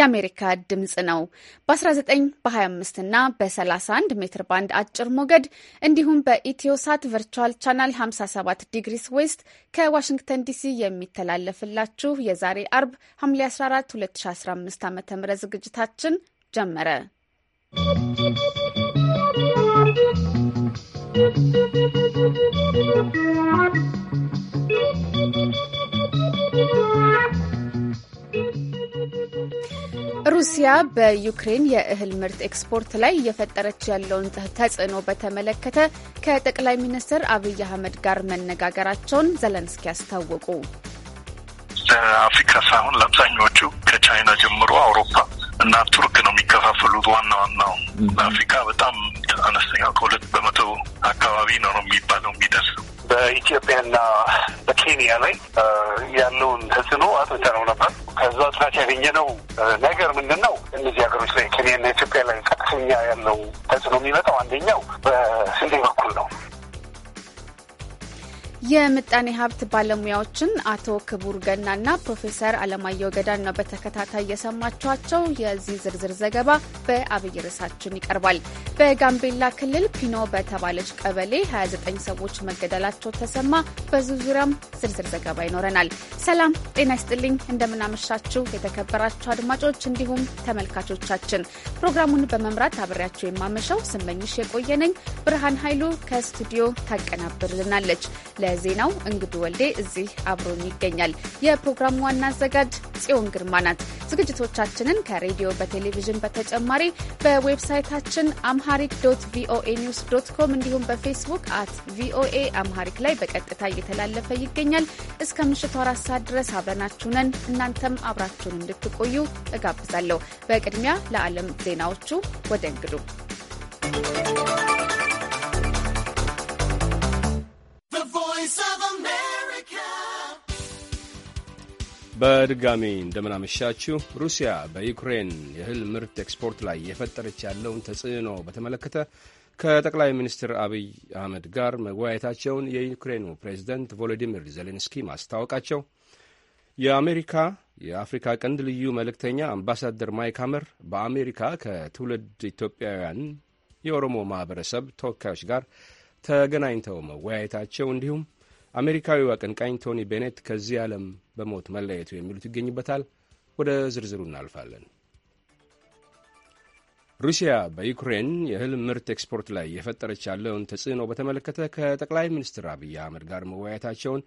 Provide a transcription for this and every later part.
የአሜሪካ ድምፅ ነው። በ19 በ25 እና በ31 ሜትር ባንድ አጭር ሞገድ እንዲሁም በኢትዮሳት ቨርቹዋል ቻናል 57 ዲግሪስ ዌስት ከዋሽንግተን ዲሲ የሚተላለፍላችሁ የዛሬ አርብ ሐምሌ 14 2015 ዓ ም ዝግጅታችን ጀመረ። ¶¶ ሩሲያ በዩክሬን የእህል ምርት ኤክስፖርት ላይ እየፈጠረች ያለውን ተጽዕኖ በተመለከተ ከጠቅላይ ሚኒስትር አብይ አህመድ ጋር መነጋገራቸውን ዘለንስኪ አስታወቁ። ለአፍሪካ ሳይሆን ለአብዛኛዎቹ ከቻይና ጀምሮ አውሮፓ እና ቱርክ ነው የሚከፋፈሉት። ዋና ዋናው ለአፍሪካ በጣም አነስተኛ ከሁለት በመቶ አካባቢ ነው ነው የሚባለው የሚደርሰው በኢትዮጵያና በኬንያ ላይ ያለውን ተጽዕኖ አጥንተነው ነበር። ከዛ ጥናት ያገኘነው ነገር ምንድን ነው? እነዚህ ሀገሮች ላይ ኬንያና ኢትዮጵያ ላይ ቀጥተኛ ያለው ተጽዕኖ የሚመጣው አንደኛው በስንዴ በኩል ነው። የምጣኔ ሀብት ባለሙያዎችን አቶ ክቡር ገናና ፕሮፌሰር አለማየሁ ገዳን ነው በተከታታይ የሰማችኋቸው። የዚህ ዝርዝር ዘገባ በአብይ ርዕሳችን ይቀርባል። በጋምቤላ ክልል ፒኖ በተባለች ቀበሌ 29 ሰዎች መገደላቸው ተሰማ። በዚህ ዙሪያም ዝርዝር ዘገባ ይኖረናል። ሰላም ጤና ይስጥልኝ። እንደምናመሻችሁ የተከበራችሁ አድማጮች እንዲሁም ተመልካቾቻችን፣ ፕሮግራሙን በመምራት አብሬያቸው የማመሸው ስመኝሽ የቆየነኝ። ብርሃን ኃይሉ ከስቱዲዮ ታቀናብርልናለች። ለዜናው እንግዱ ወልዴ እዚህ አብሮን ይገኛል። የፕሮግራሙ ዋና አዘጋጅ ጽዮን ግርማ ናት። ዝግጅቶቻችንን ከሬዲዮ በቴሌቪዥን በተጨማሪ በዌብሳይታችን አምሃሪክ ዶት ቪኦኤ ኒውስ ዶት ኮም እንዲሁም በፌስቡክ አት ቪኦኤ አምሃሪክ ላይ በቀጥታ እየተላለፈ ይገኛል። እስከ ምሽቱ አራት ሰዓት ድረስ አብረናችሁ ነን። እናንተም አብራችሁን እንድትቆዩ እጋብዛለሁ። በቅድሚያ ለዓለም ዜናዎቹ ወደ እንግዱ በድጋሚ እንደምናመሻችሁ። ሩሲያ በዩክሬን የእህል ምርት ኤክስፖርት ላይ የፈጠረች ያለውን ተጽዕኖ በተመለከተ ከጠቅላይ ሚኒስትር አብይ አህመድ ጋር መወያየታቸውን የዩክሬኑ ፕሬዚደንት ቮሎዲሚር ዜሌንስኪ ማስታወቃቸው፣ የአሜሪካ የአፍሪካ ቀንድ ልዩ መልእክተኛ አምባሳደር ማይክ ሀመር በአሜሪካ ከትውልድ ኢትዮጵያውያን የኦሮሞ ማህበረሰብ ተወካዮች ጋር ተገናኝተው መወያየታቸው እንዲሁም አሜሪካዊው አቀንቃኝ ቶኒ ቤኔት ከዚህ ዓለም በሞት መለየቱ የሚሉት ይገኝበታል። ወደ ዝርዝሩ እናልፋለን። ሩሲያ በዩክሬን የእህል ምርት ኤክስፖርት ላይ የፈጠረች ያለውን ተጽዕኖ በተመለከተ ከጠቅላይ ሚኒስትር አብይ አህመድ ጋር መወያየታቸውን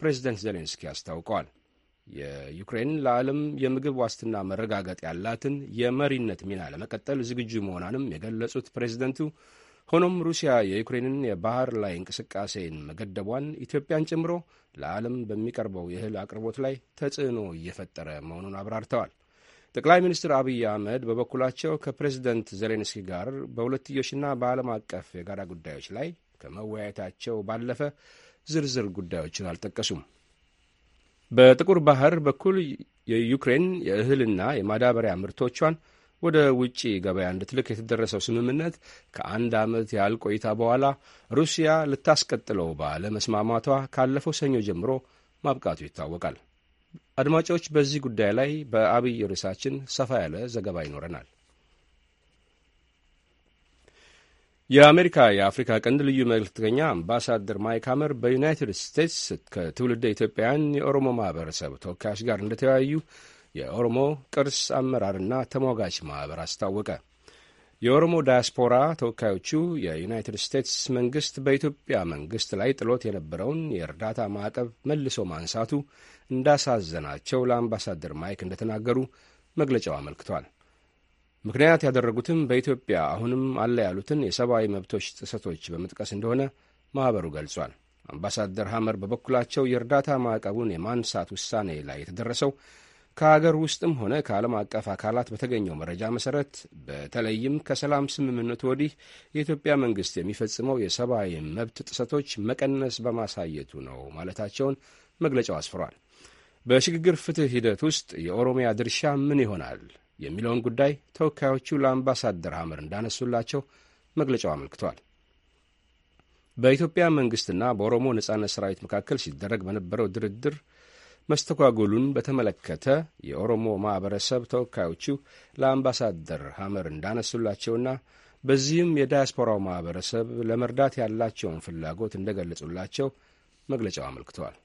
ፕሬዚደንት ዜሌንስኪ አስታውቀዋል። የዩክሬን ለዓለም የምግብ ዋስትና መረጋገጥ ያላትን የመሪነት ሚና ለመቀጠል ዝግጁ መሆኗንም የገለጹት ፕሬዚደንቱ ሆኖም ሩሲያ የዩክሬንን የባህር ላይ እንቅስቃሴን መገደቧን ኢትዮጵያን ጨምሮ ለዓለም በሚቀርበው የእህል አቅርቦት ላይ ተጽዕኖ እየፈጠረ መሆኑን አብራርተዋል። ጠቅላይ ሚኒስትር አብይ አህመድ በበኩላቸው ከፕሬዚደንት ዜሌንስኪ ጋር በሁለትዮሽና በዓለም አቀፍ የጋራ ጉዳዮች ላይ ከመወያየታቸው ባለፈ ዝርዝር ጉዳዮችን አልጠቀሱም። በጥቁር ባህር በኩል የዩክሬን የእህልና የማዳበሪያ ምርቶቿን ወደ ውጪ ገበያ እንድትልክ የተደረሰው ስምምነት ከአንድ ዓመት ያህል ቆይታ በኋላ ሩሲያ ልታስቀጥለው ባለመስማማቷ ካለፈው ሰኞ ጀምሮ ማብቃቱ ይታወቃል። አድማጮች፣ በዚህ ጉዳይ ላይ በአብይ ርዕሳችን ሰፋ ያለ ዘገባ ይኖረናል። የአሜሪካ የአፍሪካ ቀንድ ልዩ መልክተኛ አምባሳደር ማይክ ሀመር በዩናይትድ ስቴትስ ከትውልደ ኢትዮጵያውያን የኦሮሞ ማህበረሰብ ተወካዮች ጋር እንደተወያዩ የኦሮሞ ቅርስ አመራርና ተሟጋች ማኅበር አስታወቀ። የኦሮሞ ዳያስፖራ ተወካዮቹ የዩናይትድ ስቴትስ መንግስት በኢትዮጵያ መንግስት ላይ ጥሎት የነበረውን የእርዳታ ማዕቀብ መልሶ ማንሳቱ እንዳሳዘናቸው ለአምባሳደር ማይክ እንደተናገሩ መግለጫው አመልክቷል። ምክንያት ያደረጉትም በኢትዮጵያ አሁንም አለ ያሉትን የሰብአዊ መብቶች ጥሰቶች በመጥቀስ እንደሆነ ማኅበሩ ገልጿል። አምባሳደር ሐመር በበኩላቸው የእርዳታ ማዕቀቡን የማንሳት ውሳኔ ላይ የተደረሰው ከሀገር ውስጥም ሆነ ከዓለም አቀፍ አካላት በተገኘው መረጃ መሰረት በተለይም ከሰላም ስምምነቱ ወዲህ የኢትዮጵያ መንግሥት የሚፈጽመው የሰብአዊ መብት ጥሰቶች መቀነስ በማሳየቱ ነው ማለታቸውን መግለጫው አስፍሯል። በሽግግር ፍትሕ ሂደት ውስጥ የኦሮሚያ ድርሻ ምን ይሆናል የሚለውን ጉዳይ ተወካዮቹ ለአምባሳደር ሐመር እንዳነሱላቸው መግለጫው አመልክቷል። በኢትዮጵያ መንግሥትና በኦሮሞ ነጻነት ሠራዊት መካከል ሲደረግ በነበረው ድርድር መስተጓጎሉን በተመለከተ የኦሮሞ ማኅበረሰብ ተወካዮቹ ለአምባሳደር ሐመር እንዳነሱላቸውና በዚህም የዳያስፖራው ማኅበረሰብ ለመርዳት ያላቸውን ፍላጎት እንደገለጹላቸው መግለጫው አመልክተዋል።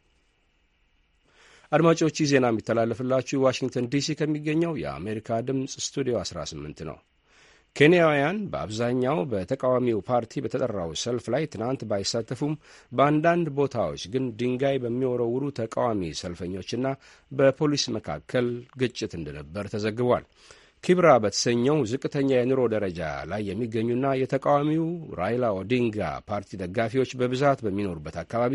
አድማጮች ይህ ዜና የሚተላለፍላችሁ ዋሽንግተን ዲሲ ከሚገኘው የአሜሪካ ድምፅ ስቱዲዮ 18 ነው። ኬንያውያን በአብዛኛው በተቃዋሚው ፓርቲ በተጠራው ሰልፍ ላይ ትናንት ባይሳተፉም በአንዳንድ ቦታዎች ግን ድንጋይ በሚወረውሩ ተቃዋሚ ሰልፈኞችና በፖሊስ መካከል ግጭት እንደነበር ተዘግቧል። ኪብራ በተሰኘው ዝቅተኛ የኑሮ ደረጃ ላይ የሚገኙና የተቃዋሚው ራይላ ኦዲንጋ ፓርቲ ደጋፊዎች በብዛት በሚኖሩበት አካባቢ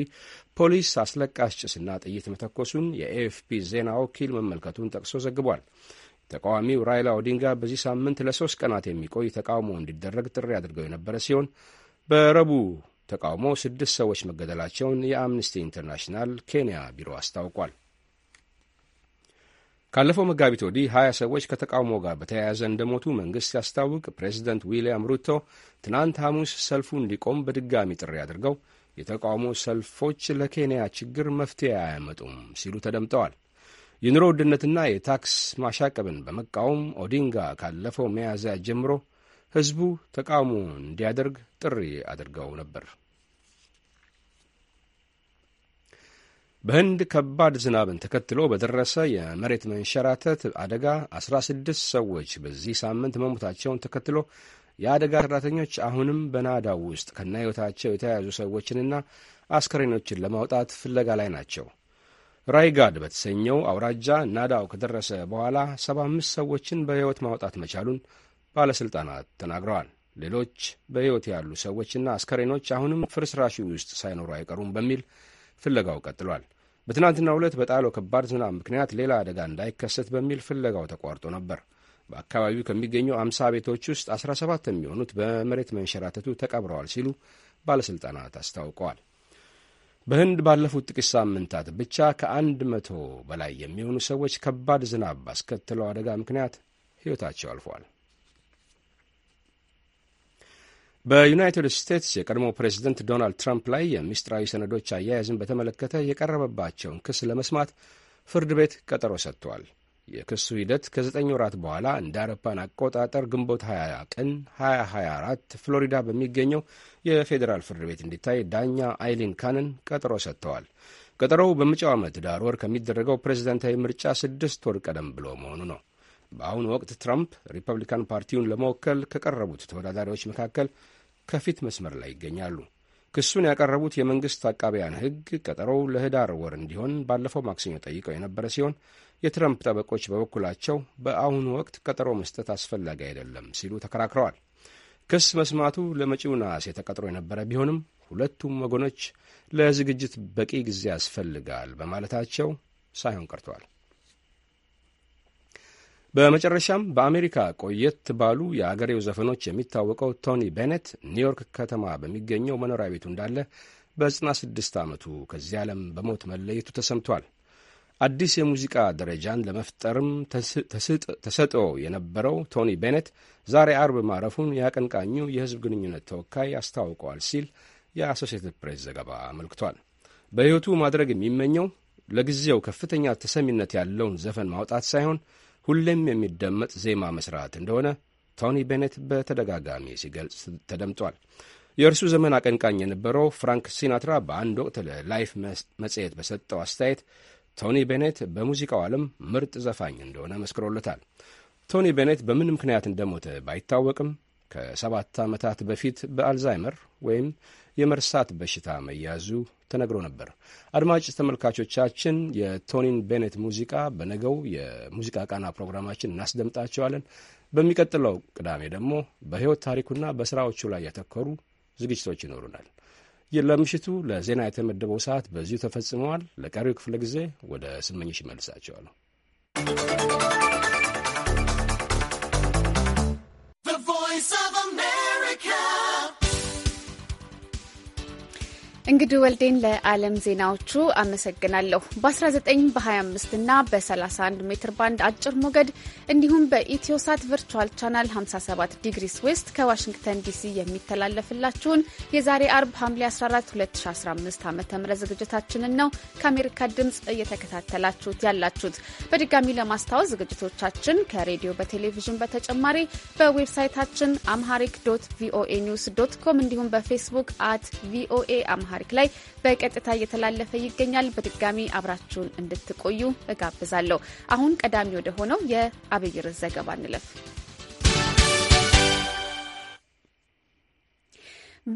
ፖሊስ አስለቃሽ ጭስና ጥይት መተኮሱን የኤኤፍፒ ዜና ወኪል መመልከቱን ጠቅሶ ዘግቧል። ተቃዋሚው ራይላ ኦዲንጋ በዚህ ሳምንት ለሶስት ቀናት የሚቆይ ተቃውሞ እንዲደረግ ጥሪ አድርገው የነበረ ሲሆን በረቡዕ ተቃውሞ ስድስት ሰዎች መገደላቸውን የአምነስቲ ኢንተርናሽናል ኬንያ ቢሮ አስታውቋል። ካለፈው መጋቢት ወዲህ ሀያ ሰዎች ከተቃውሞ ጋር በተያያዘ እንደሞቱ መንግሥት ሲያስታውቅ ፕሬዚደንት ዊልያም ሩቶ ትናንት ሐሙስ ሰልፉ እንዲቆም በድጋሚ ጥሪ አድርገው የተቃውሞ ሰልፎች ለኬንያ ችግር መፍትሄ አያመጡም ሲሉ ተደምጠዋል። የኑሮ ውድነትና የታክስ ማሻቀብን በመቃወም ኦዲንጋ ካለፈው መያዝያ ጀምሮ ህዝቡ ተቃውሞ እንዲያደርግ ጥሪ አድርገው ነበር። በህንድ ከባድ ዝናብን ተከትሎ በደረሰ የመሬት መንሸራተት አደጋ 16 ሰዎች በዚህ ሳምንት መሞታቸውን ተከትሎ የአደጋ ሠራተኞች አሁንም በናዳው ውስጥ ከነህይወታቸው የተያያዙ ሰዎችንና አስከሬኖችን ለማውጣት ፍለጋ ላይ ናቸው። ራይጋድ በተሰኘው አውራጃ ናዳው ከደረሰ በኋላ 75 ሰዎችን በሕይወት ማውጣት መቻሉን ባለሥልጣናት ተናግረዋል። ሌሎች በሕይወት ያሉ ሰዎችና አስከሬኖች አሁንም ፍርስራሹ ውስጥ ሳይኖሩ አይቀሩም በሚል ፍለጋው ቀጥሏል። በትናንትናው ዕለት በጣለው ከባድ ዝናብ ምክንያት ሌላ አደጋ እንዳይከሰት በሚል ፍለጋው ተቋርጦ ነበር። በአካባቢው ከሚገኙ አምሳ ቤቶች ውስጥ 17 የሚሆኑት በመሬት መንሸራተቱ ተቀብረዋል ሲሉ ባለሥልጣናት አስታውቀዋል። በህንድ ባለፉት ጥቂት ሳምንታት ብቻ ከአንድ መቶ በላይ የሚሆኑ ሰዎች ከባድ ዝናብ ባስከተለው አደጋ ምክንያት ሕይወታቸው አልፏል። በዩናይትድ ስቴትስ የቀድሞ ፕሬዚደንት ዶናልድ ትራምፕ ላይ የምስጢራዊ ሰነዶች አያያዝን በተመለከተ የቀረበባቸውን ክስ ለመስማት ፍርድ ቤት ቀጠሮ ሰጥቷል። የክሱ ሂደት ከዘጠኝ ወራት በኋላ እንደ አውሮፓን አቆጣጠር ግንቦት 20 ቀን 2024 ፍሎሪዳ በሚገኘው የፌዴራል ፍርድ ቤት እንዲታይ ዳኛ አይሊን ካንን ቀጠሮ ሰጥተዋል። ቀጠሮው በመጪው ዓመት ዳር ወር ከሚደረገው ፕሬዝደንታዊ ምርጫ ስድስት ወር ቀደም ብሎ መሆኑ ነው። በአሁኑ ወቅት ትራምፕ ሪፐብሊካን ፓርቲውን ለመወከል ከቀረቡት ተወዳዳሪዎች መካከል ከፊት መስመር ላይ ይገኛሉ። ክሱን ያቀረቡት የመንግሥት አቃቢያን ሕግ ቀጠሮው ለህዳር ወር እንዲሆን ባለፈው ማክሰኞ ጠይቀው የነበረ ሲሆን የትረምፕ ጠበቆች በበኩላቸው በአሁኑ ወቅት ቀጠሮ መስጠት አስፈላጊ አይደለም ሲሉ ተከራክረዋል። ክስ መስማቱ ለመጪው ነሐሴ ተቀጥሮ የነበረ ቢሆንም ሁለቱም ወገኖች ለዝግጅት በቂ ጊዜ ያስፈልጋል በማለታቸው ሳይሆን ቀርተዋል። በመጨረሻም በአሜሪካ ቆየት ባሉ የአገሬው ዘፈኖች የሚታወቀው ቶኒ ቤኔት ኒውዮርክ ከተማ በሚገኘው መኖሪያ ቤቱ እንዳለ 6 ስድስት ዓመቱ ከዚህ ዓለም በሞት መለየቱ ተሰምቷል። አዲስ የሙዚቃ ደረጃን ለመፍጠርም ተሰጥኦ የነበረው ቶኒ ቤኔት ዛሬ አርብ ማረፉን የአቀንቃኙ የሕዝብ ግንኙነት ተወካይ አስታውቀዋል ሲል የአሶሴትድ ፕሬስ ዘገባ አመልክቷል። በሕይወቱ ማድረግ የሚመኘው ለጊዜው ከፍተኛ ተሰሚነት ያለውን ዘፈን ማውጣት ሳይሆን ሁሌም የሚደመጥ ዜማ መስራት እንደሆነ ቶኒ ቤኔት በተደጋጋሚ ሲገልጽ ተደምጧል። የእርሱ ዘመን አቀንቃኝ የነበረው ፍራንክ ሲናትራ በአንድ ወቅት ለላይፍ መጽሔት በሰጠው አስተያየት ቶኒ ቤኔት በሙዚቃው ዓለም ምርጥ ዘፋኝ እንደሆነ መስክሮለታል። ቶኒ ቤኔት በምን ምክንያት እንደሞተ ባይታወቅም ከሰባት ዓመታት በፊት በአልዛይመር ወይም የመርሳት በሽታ መያዙ ተነግሮ ነበር። አድማጭ ተመልካቾቻችን የቶኒን ቤኔት ሙዚቃ በነገው የሙዚቃ ቃና ፕሮግራማችን እናስደምጣቸዋለን። በሚቀጥለው ቅዳሜ ደግሞ በሕይወት ታሪኩና በሥራዎቹ ላይ ያተኮሩ ዝግጅቶች ይኖሩናል። ለምሽቱ ለዜና የተመደበው ሰዓት በዚሁ ተፈጽመዋል። ለቀሪው ክፍለ ጊዜ ወደ ስመኝሽ ይመልሳቸዋል። እንግዲህ ወልዴን ለዓለም ዜናዎቹ አመሰግናለሁ። በ19 በ25 እና በ31 ሜትር ባንድ አጭር ሞገድ እንዲሁም በኢትዮሳት ቨርቹዋል ቻናል 57 ዲግሪስ ዌስት ከዋሽንግተን ዲሲ የሚተላለፍላችሁን የዛሬ አርብ ሐምሌ 14 2015 ዓ ም ዝግጅታችንን ነው ከአሜሪካ ድምፅ እየተከታተላችሁት ያላችሁት። በድጋሚ ለማስታወስ ዝግጅቶቻችን ከሬዲዮ በቴሌቪዥን በተጨማሪ በዌብሳይታችን አምሃሪክ ዶት ቪኦኤ ኒውስ ዶት ኮም እንዲሁም በፌስቡክ አት ቪኦኤ አምሃሪክ መሐሪክ ላይ በቀጥታ እየተላለፈ ይገኛል። በድጋሚ አብራችሁን እንድትቆዩ እጋብዛለሁ። አሁን ቀዳሚ ወደ ሆነው የአብይር ዘገባ እንለፍ።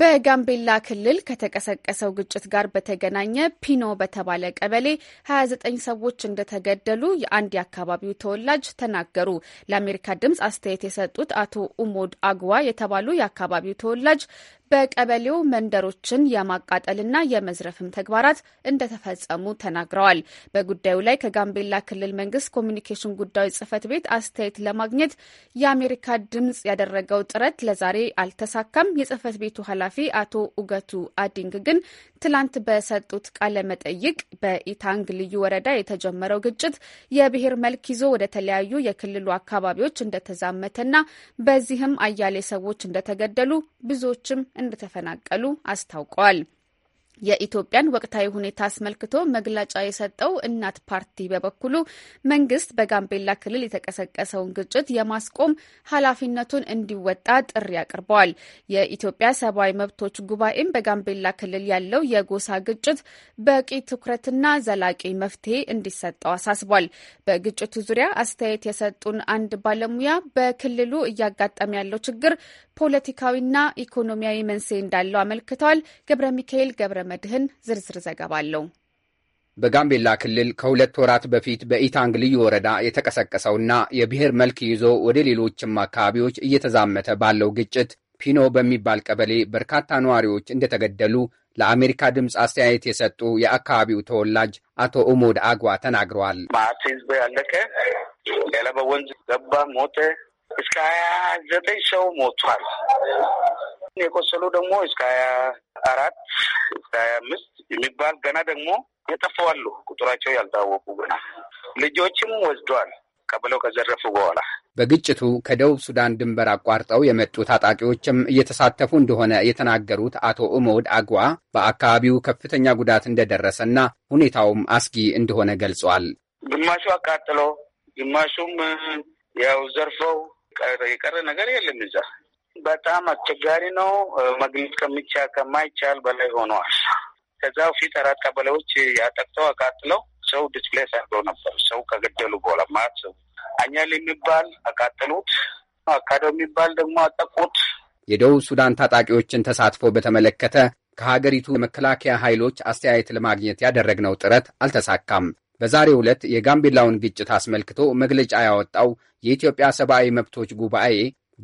በጋምቤላ ክልል ከተቀሰቀሰው ግጭት ጋር በተገናኘ ፒኖ በተባለ ቀበሌ 29 ሰዎች እንደተገደሉ የአንድ የአካባቢው ተወላጅ ተናገሩ። ለአሜሪካ ድምፅ አስተያየት የሰጡት አቶ ኡሞድ አግዋ የተባሉ የአካባቢው ተወላጅ በቀበሌው መንደሮችን የማቃጠልና የመዝረፍም ተግባራት እንደተፈጸሙ ተናግረዋል። በጉዳዩ ላይ ከጋምቤላ ክልል መንግስት ኮሚኒኬሽን ጉዳዮች ጽህፈት ቤት አስተያየት ለማግኘት የአሜሪካ ድምጽ ያደረገው ጥረት ለዛሬ አልተሳካም። የጽህፈት ቤቱ ኃላፊ አቶ ኡገቱ አዲንግ ግን ትላንት በሰጡት ቃለ መጠይቅ በኢታንግ ልዩ ወረዳ የተጀመረው ግጭት የብሔር መልክ ይዞ ወደ ተለያዩ የክልሉ አካባቢዎች እንደተዛመተና በዚህም አያሌ ሰዎች እንደተገደሉ ብዙዎችም እንደተፈናቀሉ አስታውቀዋል። የኢትዮጵያን ወቅታዊ ሁኔታ አስመልክቶ መግለጫ የሰጠው እናት ፓርቲ በበኩሉ መንግስት በጋምቤላ ክልል የተቀሰቀሰውን ግጭት የማስቆም ኃላፊነቱን እንዲወጣ ጥሪ አቅርበዋል። የኢትዮጵያ ሰብአዊ መብቶች ጉባኤም በጋምቤላ ክልል ያለው የጎሳ ግጭት በቂ ትኩረትና ዘላቂ መፍትሄ እንዲሰጠው አሳስቧል። በግጭቱ ዙሪያ አስተያየት የሰጡን አንድ ባለሙያ በክልሉ እያጋጠመ ያለው ችግር ፖለቲካዊና ኢኮኖሚያዊ መንስኤ እንዳለው አመልክተዋል። ገብረ ሚካኤል ገብረ መድህን ዝርዝር ዘገባ አለው። በጋምቤላ ክልል ከሁለት ወራት በፊት በኢታንግ ልዩ ወረዳ የተቀሰቀሰውና የብሔር መልክ ይዞ ወደ ሌሎችም አካባቢዎች እየተዛመተ ባለው ግጭት ፒኖ በሚባል ቀበሌ በርካታ ነዋሪዎች እንደተገደሉ ለአሜሪካ ድምፅ አስተያየት የሰጡ የአካባቢው ተወላጅ አቶ ኡሞድ አግዋ ተናግረዋል። ማት ህዝብ ያለቀ ሌላ በወንዝ ገባ ሞተ። እስከ ሀያ ዘጠኝ ሰው ሞቷል። የቆሰሉ ደግሞ እስከ ሀያ አራት እስከ ሀያ አምስት የሚባል ገና ደግሞ የጠፋዋሉ ቁጥራቸው ያልታወቁ ገና ልጆችም ወስደዋል ቀብለው ከዘረፉ በኋላ በግጭቱ ከደቡብ ሱዳን ድንበር አቋርጠው የመጡ ታጣቂዎችም እየተሳተፉ እንደሆነ የተናገሩት አቶ እሞድ አግዋ በአካባቢው ከፍተኛ ጉዳት እንደደረሰና ሁኔታውም አስጊ እንደሆነ ገልጿል። ግማሹ አቃጥሎ ግማሹም ያው ዘርፈው የቀረ ነገር የለም እዛ በጣም አስቸጋሪ ነው። መግኘት ከሚቻ ከማይቻል በላይ ሆነዋል። ከዛ በፊት አራት ቀበሌዎች ያጠቅተው አቃጥለው ሰው ዲስፕሌስ አድርገው ነበር። ሰው ከገደሉ በኋላ ማለት ሰው አኛል የሚባል አቃጥሉት፣ አካዶ የሚባል ደግሞ አጠቁት። የደቡብ ሱዳን ታጣቂዎችን ተሳትፎ በተመለከተ ከሀገሪቱ የመከላከያ ኃይሎች አስተያየት ለማግኘት ያደረግነው ጥረት አልተሳካም። በዛሬ ዕለት የጋምቤላውን ግጭት አስመልክቶ መግለጫ ያወጣው የኢትዮጵያ ሰብአዊ መብቶች ጉባኤ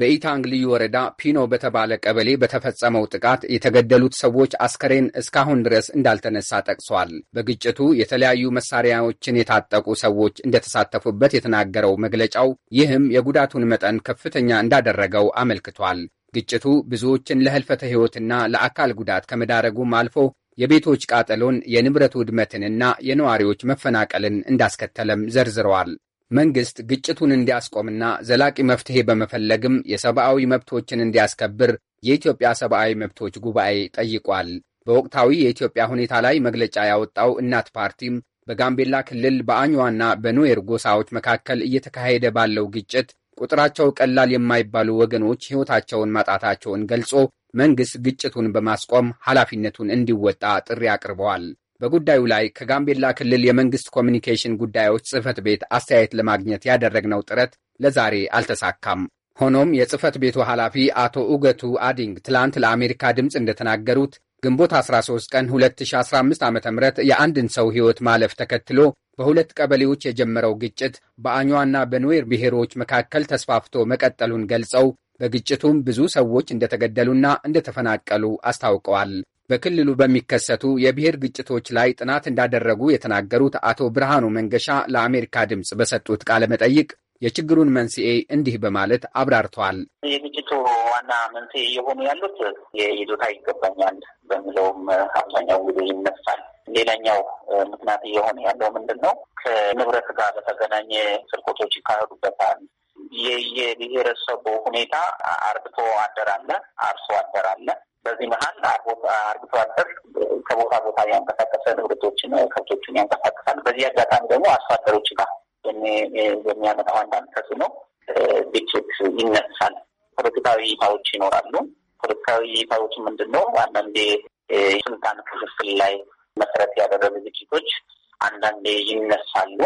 በኢታንግ ልዩ ወረዳ ፒኖ በተባለ ቀበሌ በተፈጸመው ጥቃት የተገደሉት ሰዎች አስከሬን እስካሁን ድረስ እንዳልተነሳ ጠቅሷል። በግጭቱ የተለያዩ መሳሪያዎችን የታጠቁ ሰዎች እንደተሳተፉበት የተናገረው መግለጫው ይህም የጉዳቱን መጠን ከፍተኛ እንዳደረገው አመልክቷል። ግጭቱ ብዙዎችን ለህልፈተ ሕይወትና ለአካል ጉዳት ከመዳረጉም አልፎ የቤቶች ቃጠሎን፣ የንብረት ውድመትንና የነዋሪዎች መፈናቀልን እንዳስከተለም ዘርዝረዋል። መንግሥት ግጭቱን እንዲያስቆምና ዘላቂ መፍትሔ በመፈለግም የሰብአዊ መብቶችን እንዲያስከብር የኢትዮጵያ ሰብአዊ መብቶች ጉባኤ ጠይቋል። በወቅታዊ የኢትዮጵያ ሁኔታ ላይ መግለጫ ያወጣው እናት ፓርቲም በጋምቤላ ክልል በአኝዋና በኑዌር ጎሳዎች መካከል እየተካሄደ ባለው ግጭት ቁጥራቸው ቀላል የማይባሉ ወገኖች ሕይወታቸውን ማጣታቸውን ገልጾ መንግሥት ግጭቱን በማስቆም ኃላፊነቱን እንዲወጣ ጥሪ አቅርበዋል። በጉዳዩ ላይ ከጋምቤላ ክልል የመንግስት ኮሚኒኬሽን ጉዳዮች ጽህፈት ቤት አስተያየት ለማግኘት ያደረግነው ጥረት ለዛሬ አልተሳካም። ሆኖም የጽህፈት ቤቱ ኃላፊ አቶ ኡገቱ አዲንግ ትላንት ለአሜሪካ ድምፅ እንደተናገሩት ግንቦት 13 ቀን 2015 ዓ ም የአንድን ሰው ሕይወት ማለፍ ተከትሎ በሁለት ቀበሌዎች የጀመረው ግጭት በአኟና በኑዌር ብሔሮች መካከል ተስፋፍቶ መቀጠሉን ገልጸው በግጭቱም ብዙ ሰዎች እንደተገደሉና እንደተፈናቀሉ አስታውቀዋል። በክልሉ በሚከሰቱ የብሔር ግጭቶች ላይ ጥናት እንዳደረጉ የተናገሩት አቶ ብርሃኑ መንገሻ ለአሜሪካ ድምፅ በሰጡት ቃለ መጠይቅ የችግሩን መንስኤ እንዲህ በማለት አብራርተዋል። የግጭቱ ዋና መንስኤ የሆኑ ያሉት የይዞታ ይገባኛል በሚለውም አብዛኛው ጊዜ ይነሳል። ሌላኛው ምክንያት እየሆነ ያለው ምንድን ነው? ከንብረት ጋር በተገናኘ ስርቆቶች ይካሄዱበታል። የየብሔረሰቡ ሁኔታ አርብቶ አደር አለ፣ አርሶ አደር አለ፣ በዚህ መሀል አርብቶ አደር ከቦታ ቦታ እያንቀሳቀሰ ንብረቶችን፣ ከብቶችን ያንቀሳቀሳል። በዚህ አጋጣሚ ደግሞ አርሶ አደሮች ጋር የሚያመጣው አንዳንድ ተጽዕኖ ግጭት ይነሳል። ፖለቲካዊ ይታዎች ይኖራሉ። ፖለቲካዊ ይታዎች ምንድን ነው? አንዳንዴ ስልጣን ክፍፍል ላይ መሰረት ያደረጉ ግጭቶች አንዳንዴ ይነሳሉ።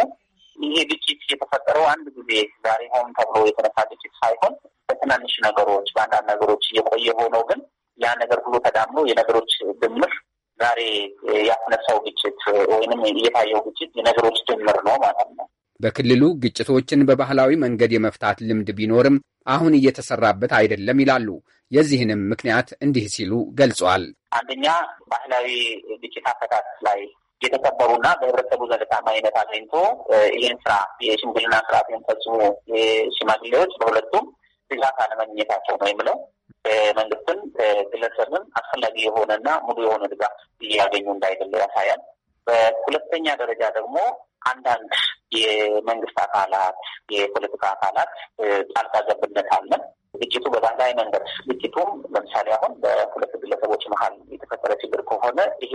ይሄ ግጭት የተፈጠረው አንድ ጊዜ ዛሬ ሆን ተብሎ የተነሳ ግጭት ሳይሆን በትናንሽ ነገሮች፣ በአንዳንድ ነገሮች እየቆየ ሆኖ ግን ያ ነገር ሁሉ ተዳምኖ የነገሮች ድምር ዛሬ ያስነሳው ግጭት ወይንም እየታየው ግጭት የነገሮች ድምር ነው ማለት ነው። በክልሉ ግጭቶችን በባህላዊ መንገድ የመፍታት ልምድ ቢኖርም አሁን እየተሰራበት አይደለም ይላሉ። የዚህንም ምክንያት እንዲህ ሲሉ ገልጸዋል። አንደኛ ባህላዊ ግጭት አፈታት ላይ የተከበሩና በህብረተሰቡ ዘንድ ታማኝነት አገኝቶ ይህን ስራ የሽምግልና ስርዓት የሚፈጽሙ ሽማግሌዎች በሁለቱም ድጋፍ አለመግኘታቸው ነው የምለው። መንግስትን ግለሰብን አስፈላጊ የሆነና ሙሉ የሆነ ድጋፍ እያገኙ እንዳይደለ ያሳያል። በሁለተኛ ደረጃ ደግሞ አንዳንድ የመንግስት አካላት፣ የፖለቲካ አካላት ጣልቃ ገብነት አለ። ግጭቱ በባህላዊ መንገድ ግጭቱም ለምሳሌ አሁን በሁለት ግለሰቦች መሀል የተፈጠረ ችግር ከሆነ ይሄ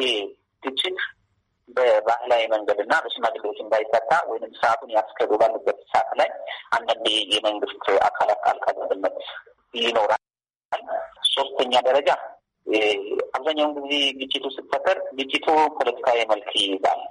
ግጭት በባህላዊ መንገድ እና በሽማግሌዎች እንዳይፈታ ወይም ስርዓቱን ያስከዱ ባሉበት ሰዓት ላይ አንዳንዴ የመንግስት አካላት ጣልቃ ይኖራል። ሶስተኛ ደረጃ አብዛኛውን ጊዜ ግጭቱ ስፈጠር ግጭቱ ፖለቲካዊ መልክ ይይዛል።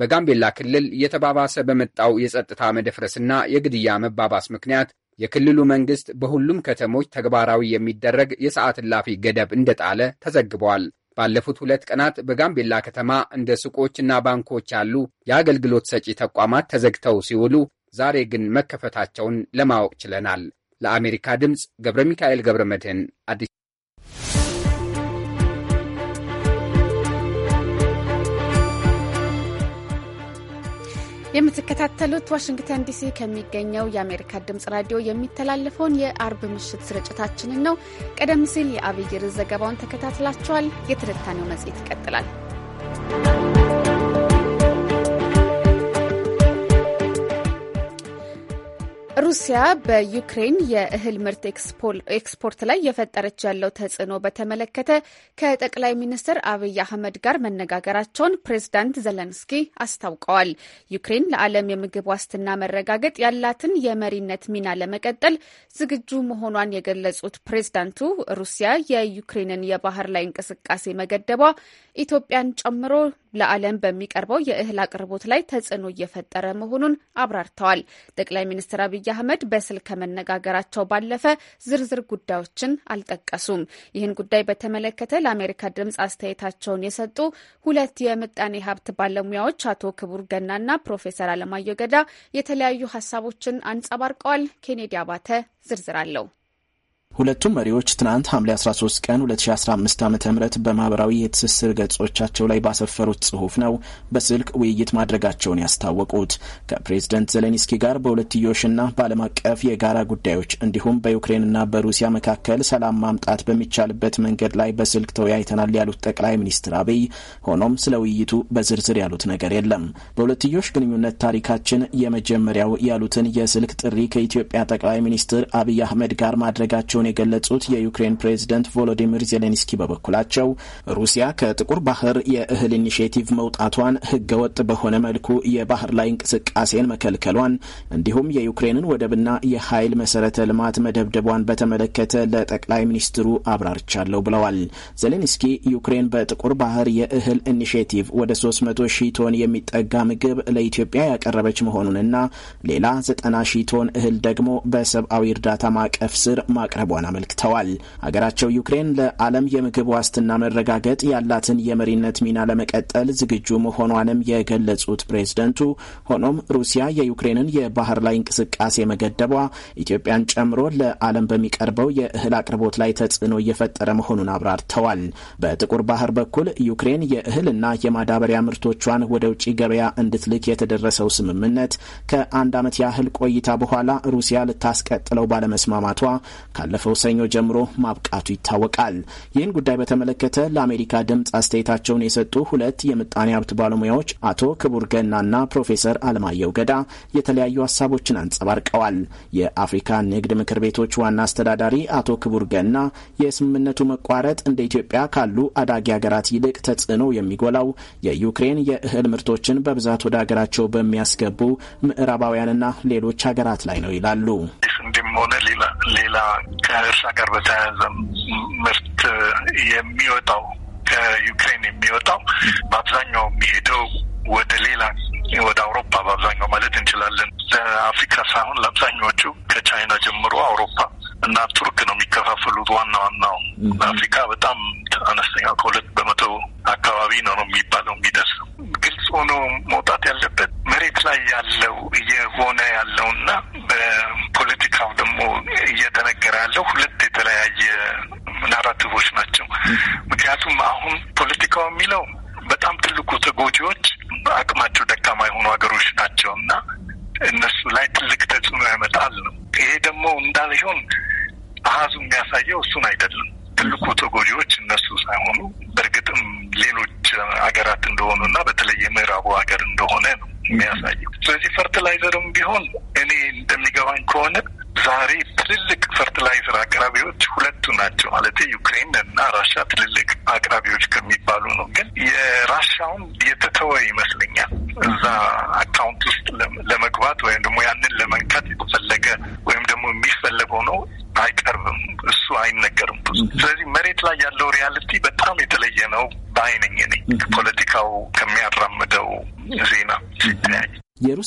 በጋምቤላ ክልል እየተባባሰ በመጣው የጸጥታ መደፍረስና የግድያ መባባስ ምክንያት የክልሉ መንግስት በሁሉም ከተሞች ተግባራዊ የሚደረግ የሰዓት እላፊ ገደብ እንደጣለ ተዘግቧል። ባለፉት ሁለት ቀናት በጋምቤላ ከተማ እንደ ሱቆችና ባንኮች ያሉ የአገልግሎት ሰጪ ተቋማት ተዘግተው ሲውሉ ዛሬ ግን መከፈታቸውን ለማወቅ ችለናል። ለአሜሪካ ድምፅ ገብረ ሚካኤል ገብረ መድህን አዲስ የምትከታተሉት ዋሽንግተን ዲሲ ከሚገኘው የአሜሪካ ድምጽ ራዲዮ የሚተላለፈውን የአርብ ምሽት ስርጭታችንን ነው። ቀደም ሲል የአብይርዝ ዘገባውን ተከታትላችኋል። የትንታኔው መጽሔት ይቀጥላል። ሩሲያ በዩክሬን የእህል ምርት ኤክስፖርት ላይ የፈጠረች ያለው ተጽዕኖ በተመለከተ ከጠቅላይ ሚኒስትር አብይ አህመድ ጋር መነጋገራቸውን ፕሬዝዳንት ዘለንስኪ አስታውቀዋል። ዩክሬን ለዓለም የምግብ ዋስትና መረጋገጥ ያላትን የመሪነት ሚና ለመቀጠል ዝግጁ መሆኗን የገለጹት ፕሬዝዳንቱ ሩሲያ የዩክሬንን የባህር ላይ እንቅስቃሴ መገደቧ ኢትዮጵያን ጨምሮ ለዓለም በሚቀርበው የእህል አቅርቦት ላይ ተጽዕኖ እየፈጠረ መሆኑን አብራርተዋል። ጠቅላይ ሚኒስትር አብይ አህመድ በስልክ ከመነጋገራቸው ባለፈ ዝርዝር ጉዳዮችን አልጠቀሱም። ይህን ጉዳይ በተመለከተ ለአሜሪካ ድምፅ አስተያየታቸውን የሰጡ ሁለት የምጣኔ ሀብት ባለሙያዎች አቶ ክቡር ገናና ፕሮፌሰር አለማየሁ ገዳ የተለያዩ ሀሳቦችን አንጸባርቀዋል። ኬኔዲ አባተ ዝርዝር አለው። ሁለቱም መሪዎች ትናንት ሐምሌ 13 ቀን 2015 ዓ ም በማኅበራዊ የትስስር ገጾቻቸው ላይ ባሰፈሩት ጽሑፍ ነው በስልክ ውይይት ማድረጋቸውን ያስታወቁት። ከፕሬዝደንት ዘሌንስኪ ጋር በሁለትዮሽና በዓለም አቀፍ የጋራ ጉዳዮች እንዲሁም በዩክሬንና በሩሲያ መካከል ሰላም ማምጣት በሚቻልበት መንገድ ላይ በስልክ ተወያይተናል ያሉት ጠቅላይ ሚኒስትር አብይ፣ ሆኖም ስለ ውይይቱ በዝርዝር ያሉት ነገር የለም። በሁለትዮሽ ግንኙነት ታሪካችን የመጀመሪያው ያሉትን የስልክ ጥሪ ከኢትዮጵያ ጠቅላይ ሚኒስትር አብይ አህመድ ጋር ማድረጋቸው መሆናቸውን የገለጹት የዩክሬን ፕሬዝደንት ቮሎዲሚር ዜሌንስኪ በበኩላቸው ሩሲያ ከጥቁር ባህር የእህል ኢኒሽቲቭ መውጣቷን ህገወጥ በሆነ መልኩ የባህር ላይ እንቅስቃሴን መከልከሏን እንዲሁም የዩክሬንን ወደብና የኃይል መሰረተ ልማት መደብደቧን በተመለከተ ለጠቅላይ ሚኒስትሩ አብራርቻለሁ ብለዋል። ዜሌንስኪ ዩክሬን በጥቁር ባህር የእህል ኢኒሽቲቭ ወደ 300 ሺህ ቶን የሚጠጋ ምግብ ለኢትዮጵያ ያቀረበች መሆኑንና ሌላ 90 ሺህ ቶን እህል ደግሞ በሰብአዊ እርዳታ ማዕቀፍ ስር ማቅረቡ መቅረቧን አመልክተዋል። አገራቸው ዩክሬን ለዓለም የምግብ ዋስትና መረጋገጥ ያላትን የመሪነት ሚና ለመቀጠል ዝግጁ መሆኗንም የገለጹት ፕሬዝደንቱ ሆኖም ሩሲያ የዩክሬንን የባህር ላይ እንቅስቃሴ መገደቧ ኢትዮጵያን ጨምሮ ለዓለም በሚቀርበው የእህል አቅርቦት ላይ ተጽዕኖ እየፈጠረ መሆኑን አብራርተዋል። በጥቁር ባህር በኩል ዩክሬን የእህልና የማዳበሪያ ምርቶቿን ወደ ውጭ ገበያ እንድትልክ የተደረሰው ስምምነት ከአንድ ዓመት ያህል ቆይታ በኋላ ሩሲያ ልታስቀጥለው ባለመስማማቷ ካለ ካለፈው ሰኞ ጀምሮ ማብቃቱ ይታወቃል። ይህን ጉዳይ በተመለከተ ለአሜሪካ ድምፅ አስተያየታቸውን የሰጡ ሁለት የምጣኔ ሀብት ባለሙያዎች አቶ ክቡር ገናና ፕሮፌሰር አለማየሁ ገዳ የተለያዩ ሀሳቦችን አንጸባርቀዋል። የአፍሪካ ንግድ ምክር ቤቶች ዋና አስተዳዳሪ አቶ ክቡር ገና የስምምነቱ መቋረጥ እንደ ኢትዮጵያ ካሉ አዳጊ ሀገራት ይልቅ ተጽዕኖ የሚጎላው የዩክሬን የእህል ምርቶችን በብዛት ወደ ሀገራቸው በሚያስገቡ ምዕራባውያንና ሌሎች ሀገራት ላይ ነው ይላሉ። ስንዴም ሆነ ሌላ ከእርሻ ጋር በተያያዘ ምርት የሚወጣው ከዩክሬን የሚወጣው በአብዛኛው የሚሄደው ወደ ሌላ ወደ አውሮፓ በአብዛኛው ማለት እንችላለን። ለአፍሪካ ሳይሆን ለአብዛኛዎቹ ከቻይና ጀምሮ አውሮፓ እና ቱርክ ነው የሚከፋፈሉት። ዋና ዋናው ለአፍሪካ በጣም አነስተኛ ከሁለት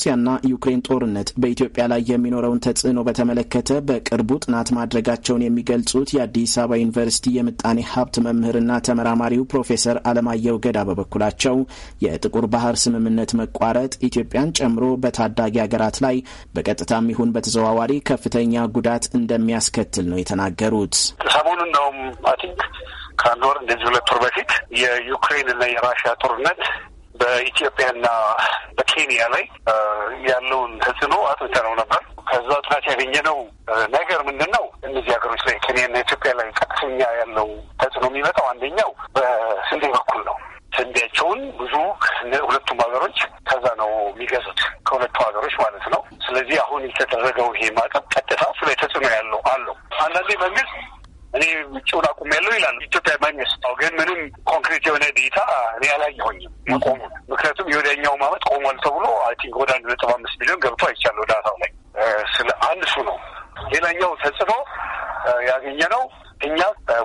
የሩሲያና ዩክሬን ጦርነት በኢትዮጵያ ላይ የሚኖረውን ተጽዕኖ በተመለከተ በቅርቡ ጥናት ማድረጋቸውን የሚገልጹት የአዲስ አበባ ዩኒቨርሲቲ የምጣኔ ሀብት መምህርና ተመራማሪው ፕሮፌሰር አለማየሁ ገዳ በበኩላቸው የጥቁር ባህር ስምምነት መቋረጥ ኢትዮጵያን ጨምሮ በታዳጊ ሀገራት ላይ በቀጥታም ይሁን በተዘዋዋሪ ከፍተኛ ጉዳት እንደሚያስከትል ነው የተናገሩት። ሰሞኑን አይ ቲንክ ከአንድ ወር እንደዚህ ሁለት ወር በፊት የዩክሬን እና የራሽያ ጦርነት በኢትዮጵያና በኬንያ ላይ ያለውን ተጽዕኖ አጥንተነው ነበር። ከዛ ጥናት ያገኘነው ነገር ምንድን ነው? እነዚህ ሀገሮች ላይ ኬንያና ኢትዮጵያ ላይ ቀጥተኛ ያለው ተጽዕኖ የሚመጣው አንደኛው በስንዴ በኩል ነው። ስንዴያቸውን ብዙ ሁለቱም ሀገሮች ከዛ ነው የሚገዙት፣ ከሁለቱ ሀገሮች ማለት ነው። ስለዚህ አሁን የተደረገው ይሄ ማዕቀብ ቀጥታ ስለ ተጽዕኖ ያለው አለው። አንዳንዴ መንግስት እኔ ውጭውን አቁም ያለው ይላሉ። ኢትዮጵያ መንግስት። ግን ምንም ኮንክሪት የሆነ ዴታ እኔ አላየሁኝም መቆሙ። ምክንያቱም የወዲያኛው አመት ቆሟል ተብሎ አይ ቲንክ ወደ አንድ ነጥብ አምስት ሚሊዮን ገብቶ አይቻለሁ ዳታው ላይ ስለ አንድ ሱ ነው። ሌላኛው ተጽዕኖ ያገኘ ነው እኛ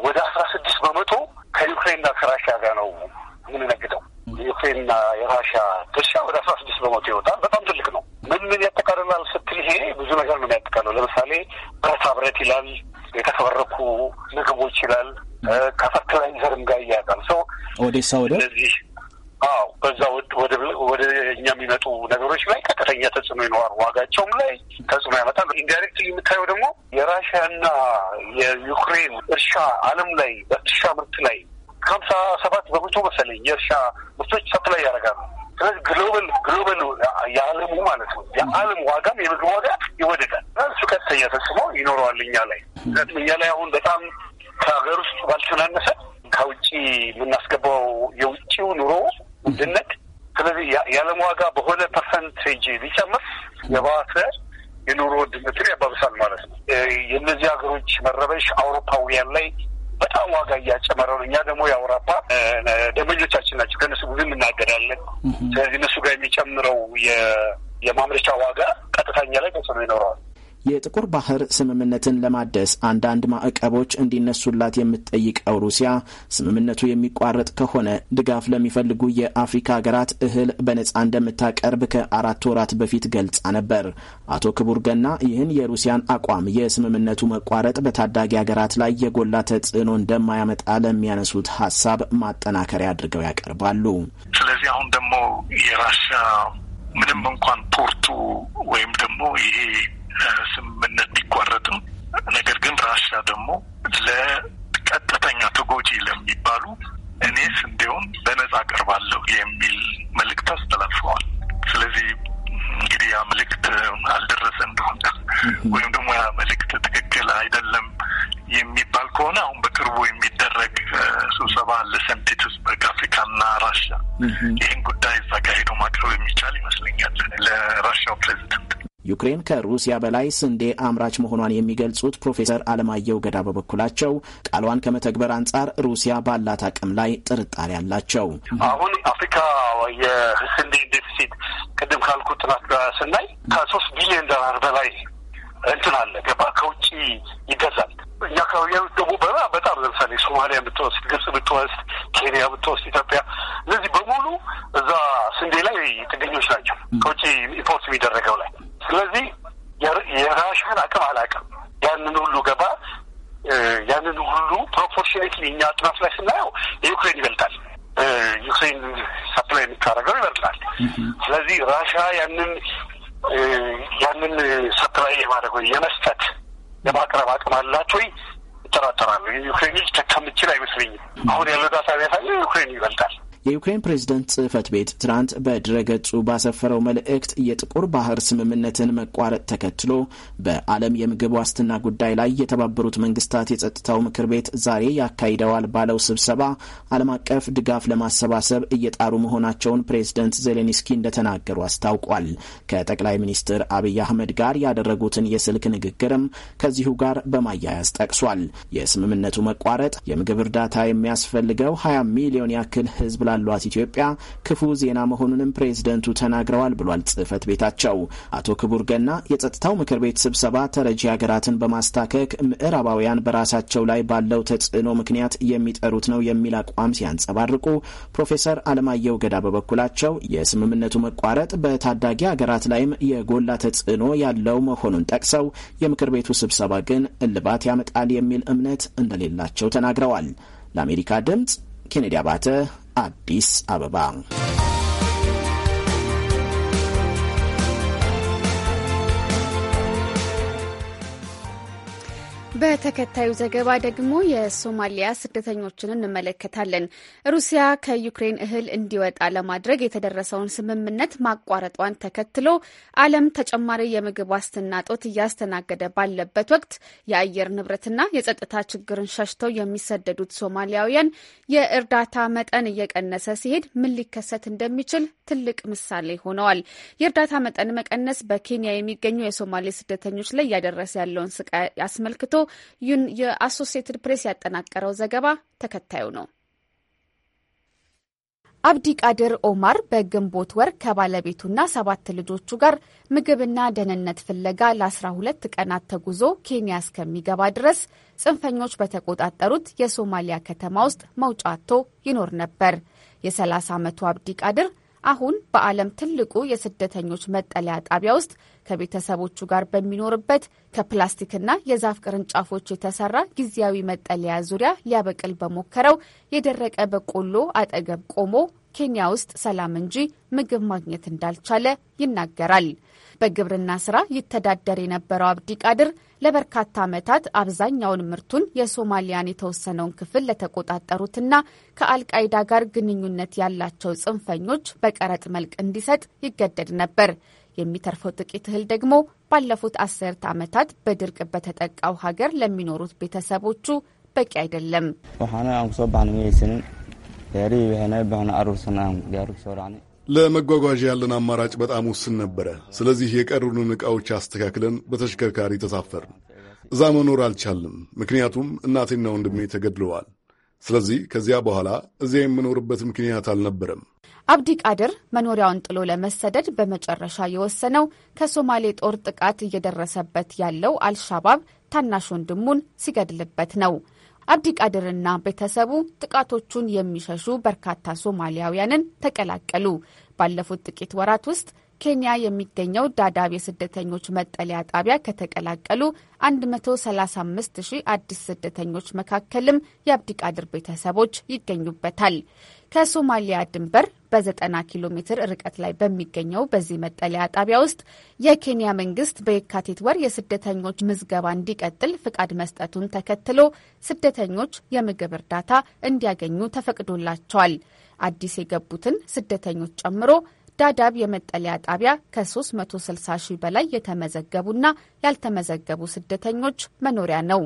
ወደ አስራ ስድስት በመቶ ከዩክሬንና ከራሽያ ጋር ነው የምንነግደው። የዩክሬንና የራሽያ ድርሻ ወደ አስራ ስድስት በመቶ ይወጣል። በጣም ትልቅ ነው። ምን ምን ያጠቃልላል ስትል ይሄ ብዙ ነገር ነው የሚያጠቃልለው። ለምሳሌ ብረታ ብረት ይላል የተፈበረኩ ምግቦች ይላል። ከፈርትላይዘርም ጋር እያያዛል ሰው ኦዴሳ ወደ እነዚህ አዎ፣ በዛ ወደ እኛ የሚመጡ ነገሮች ላይ ቀጥተኛ ተጽዕኖ ይኖራል። ዋጋቸውም ላይ ተጽዕኖ ያመጣል። ኢንዳይሬክት የምታየው ደግሞ የራሽያና የዩክሬን እርሻ ዓለም ላይ በእርሻ ምርት ላይ ከሀምሳ ሰባት በመቶ መሰለኝ የእርሻ ምርቶች ሰፕላይ ያደርጋሉ ስለዚህ ግሎበል ግሎበል የዓለሙ ማለት ነው የዓለም ዋጋም የምግብ ዋጋ ይወደዳል። እሱ ቀጥተኛ ተጽዕኖ ይኖረዋል እኛ ላይ እኛ ላይ አሁን በጣም ከሀገር ውስጥ ባልተናነሰ ከውጭ የምናስገባው የውጭው ኑሮ ውድነት ስለዚህ የዓለም ዋጋ በሆነ ፐርሰንቴጅ ሊጨምር የባሰ የኑሮ ውድነትን ያባብሳል ማለት ነው። የእነዚህ ሀገሮች መረበሽ አውሮፓውያን ላይ በጣም ዋጋ እያጨመረ ነው። እኛ ደግሞ የአውራፓ ደንበኞቻችን ናቸው። ከነሱ ብዙ እናገዳለን። ስለዚህ እነሱ ጋር የሚጨምረው የማምረቻ ዋጋ ቀጥታኛ ላይ ተጽዕኖ ይኖረዋል። የጥቁር ባህር ስምምነትን ለማደስ አንዳንድ ማዕቀቦች እንዲነሱላት የምትጠይቀው ሩሲያ ስምምነቱ የሚቋረጥ ከሆነ ድጋፍ ለሚፈልጉ የአፍሪካ ሀገራት እህል በነጻ እንደምታቀርብ ከአራት ወራት በፊት ገልጻ ነበር። አቶ ክቡር ገና ይህን የሩሲያን አቋም የስምምነቱ መቋረጥ በታዳጊ ሀገራት ላይ የጎላ ተጽዕኖ እንደማያመጣ ለሚያነሱት ሀሳብ ማጠናከሪያ አድርገው ያቀርባሉ። ስለዚህ አሁን ደግሞ የራሻ ምንም እንኳን ፖርቱ ወይም ደግሞ ይሄ ስምምነት ቢቋረጥም ነገር ግን ራሻ ደግሞ ለቀጥተኛ ተጎጂ ለሚባሉ እኔስ እንዲሁም በነጻ አቀርባለሁ የሚል መልእክት አስተላልፈዋል። ስለዚህ እንግዲህ ያ መልእክት አልደረሰ እንደሆነ ወይም ደግሞ ያ መልእክት ትክክል አይደለም የሚባል ከሆነ አሁን በቅርቡ የሚደረግ ስብሰባ አለ ሰንቲት በግ አፍሪካና ራሻ ይህን ጉዳይ እዛ ሄዶ ማቅረብ የሚቻል ይመስለኛል ለራሽያው ፕሬዚደንት ዩክሬን ከሩሲያ በላይ ስንዴ አምራች መሆኗን የሚገልጹት ፕሮፌሰር አለማየሁ ገዳ በበኩላቸው ቃሏን ከመተግበር አንጻር ሩሲያ ባላት አቅም ላይ ጥርጣሬ አላቸው። አሁን አፍሪካ የስንዴ ዴፊሲት ቅድም ካልኩ ጥናት ስናይ ከሶስት ቢሊዮን ዶላር በላይ እንትን አለ ገባ ከውጭ ይገዛል። እኛ አካባቢ ደግሞ ደግሞ በጣም ለምሳሌ ሶማሊያ ብትወስድ፣ ግብጽ ብትወስድ፣ ኬንያ ብትወስድ፣ ኢትዮጵያ እነዚህ በሙሉ እዛ ስንዴ ላይ ጥገኞች ናቸው ከውጭ ኢምፖርት የሚደረገው ላይ። ስለዚህ የራሻን አቅም አላቅም ያንን ሁሉ ገባ ያንን ሁሉ ፕሮፖርሽኔት እኛ ጥናት ላይ ስናየው የዩክሬን ይበልጣል። ዩክሬን ሰፕላይ የምታደርገው ይበልጣል። ስለዚህ ራሻ ያንን ያንን ሰፕላይ የማድረግ ወይ የመስጠት የማቅረብ አቅም አላቸው ይጠራጠራሉ። ዩክሬን ልጅ ተካምችል አይመስለኝም። አሁን ያለው ዳታ ያሳየ ዩክሬን ይበልጣል። የዩክሬን ፕሬዝደንት ጽህፈት ቤት ትናንት በድረገጹ ባሰፈረው መልእክት የጥቁር ባህር ስምምነትን መቋረጥ ተከትሎ በዓለም የምግብ ዋስትና ጉዳይ ላይ የተባበሩት መንግስታት የጸጥታው ምክር ቤት ዛሬ ያካሂደዋል ባለው ስብሰባ ዓለም አቀፍ ድጋፍ ለማሰባሰብ እየጣሩ መሆናቸውን ፕሬዝደንት ዜሌንስኪ እንደተናገሩ አስታውቋል። ከጠቅላይ ሚኒስትር አብይ አህመድ ጋር ያደረጉትን የስልክ ንግግርም ከዚሁ ጋር በማያያዝ ጠቅሷል። የስምምነቱ መቋረጥ የምግብ እርዳታ የሚያስፈልገው 20 ሚሊዮን ያክል ህዝብ ላ ላሏት ኢትዮጵያ ክፉ ዜና መሆኑንም ፕሬዝደንቱ ተናግረዋል ብሏል ጽህፈት ቤታቸው። አቶ ክቡር ገና የጸጥታው ምክር ቤት ስብሰባ ተረጂ ሀገራትን በማስታከክ ምዕራባውያን በራሳቸው ላይ ባለው ተጽዕኖ ምክንያት የሚጠሩት ነው የሚል አቋም ሲያንጸባርቁ፣ ፕሮፌሰር አለማየሁ ገዳ በበኩላቸው የስምምነቱ መቋረጥ በታዳጊ ሀገራት ላይም የጎላ ተጽዕኖ ያለው መሆኑን ጠቅሰው የምክር ቤቱ ስብሰባ ግን እልባት ያመጣል የሚል እምነት እንደሌላቸው ተናግረዋል። ለአሜሪካ ድምጽ ኬኔዲ አባተ አዲስ አበባ በተከታዩ ዘገባ ደግሞ የሶማሊያ ስደተኞችን እንመለከታለን። ሩሲያ ከዩክሬን እህል እንዲወጣ ለማድረግ የተደረሰውን ስምምነት ማቋረጧን ተከትሎ ዓለም ተጨማሪ የምግብ ዋስትና ጦት እያስተናገደ ባለበት ወቅት የአየር ንብረትና የጸጥታ ችግርን ሸሽተው የሚሰደዱት ሶማሊያውያን የእርዳታ መጠን እየቀነሰ ሲሄድ ምን ሊከሰት እንደሚችል ትልቅ ምሳሌ ሆነዋል። የእርዳታ መጠን መቀነስ በኬንያ የሚገኙ የሶማሌ ስደተኞች ላይ እያደረሰ ያለውን ስቃይ አስመልክቶ ይህን የአሶሲየትድ ፕሬስ ያጠናቀረው ዘገባ ተከታዩ ነው። አብዲ ቃድር ኦማር በግንቦት ወር ከባለቤቱና ሰባት ልጆቹ ጋር ምግብና ደህንነት ፍለጋ ለ12 ቀናት ተጉዞ ኬንያ እስከሚገባ ድረስ ጽንፈኞች በተቆጣጠሩት የሶማሊያ ከተማ ውስጥ መውጫቶ ይኖር ነበር። የ30 ዓመቱ አብዲ ቃድር አሁን በዓለም ትልቁ የስደተኞች መጠለያ ጣቢያ ውስጥ ከቤተሰቦቹ ጋር በሚኖርበት ከፕላስቲክና የዛፍ ቅርንጫፎች የተሰራ ጊዜያዊ መጠለያ ዙሪያ ሊያበቅል በሞከረው የደረቀ በቆሎ አጠገብ ቆሞ ኬንያ ውስጥ ሰላም እንጂ ምግብ ማግኘት እንዳልቻለ ይናገራል። በግብርና ስራ ይተዳደር የነበረው አብዲ ቃድር ለበርካታ ዓመታት አብዛኛውን ምርቱን የሶማሊያን የተወሰነውን ክፍል ለተቆጣጠሩትና ከአልቃይዳ ጋር ግንኙነት ያላቸው ጽንፈኞች በቀረጥ መልክ እንዲሰጥ ይገደድ ነበር። የሚተርፈው ጥቂት እህል ደግሞ ባለፉት አስርት ዓመታት በድርቅ በተጠቃው ሀገር ለሚኖሩት ቤተሰቦቹ በቂ አይደለም። ለመጓጓዣ ያለን አማራጭ በጣም ውስን ነበረ። ስለዚህ የቀሩንን ዕቃዎች አስተካክለን በተሽከርካሪ ተሳፈርን። እዛ መኖር አልቻልም። ምክንያቱም እናቴና ወንድሜ ተገድለዋል። ስለዚህ ከዚያ በኋላ እዚያ የምኖርበት ምክንያት አልነበረም። አብዲ ቃድር መኖሪያውን ጥሎ ለመሰደድ በመጨረሻ የወሰነው ከሶማሌ ጦር ጥቃት እየደረሰበት ያለው አልሻባብ ታናሽ ወንድሙን ሲገድልበት ነው። አብዲቃድርና ቤተሰቡ ጥቃቶቹን የሚሸሹ በርካታ ሶማሊያውያንን ተቀላቀሉ። ባለፉት ጥቂት ወራት ውስጥ ኬንያ የሚገኘው ዳዳብ የስደተኞች መጠለያ ጣቢያ ከተቀላቀሉ 135 ሺህ አዲስ ስደተኞች መካከልም ቃድር ቤተሰቦች ይገኙበታል። ከሶማሊያ ድንበር በ90 ኪሎ ሜትር ርቀት ላይ በሚገኘው በዚህ መጠለያ ጣቢያ ውስጥ የኬንያ መንግስት በየካቲት ወር የስደተኞች ምዝገባ እንዲቀጥል ፍቃድ መስጠቱን ተከትሎ ስደተኞች የምግብ እርዳታ እንዲያገኙ ተፈቅዶላቸዋል። አዲስ የገቡትን ስደተኞች ጨምሮ ዳዳብ የመጠለያ ጣቢያ ከ360 ሺህ በላይ የተመዘገቡና ያልተመዘገቡ ስደተኞች መኖሪያ ነው።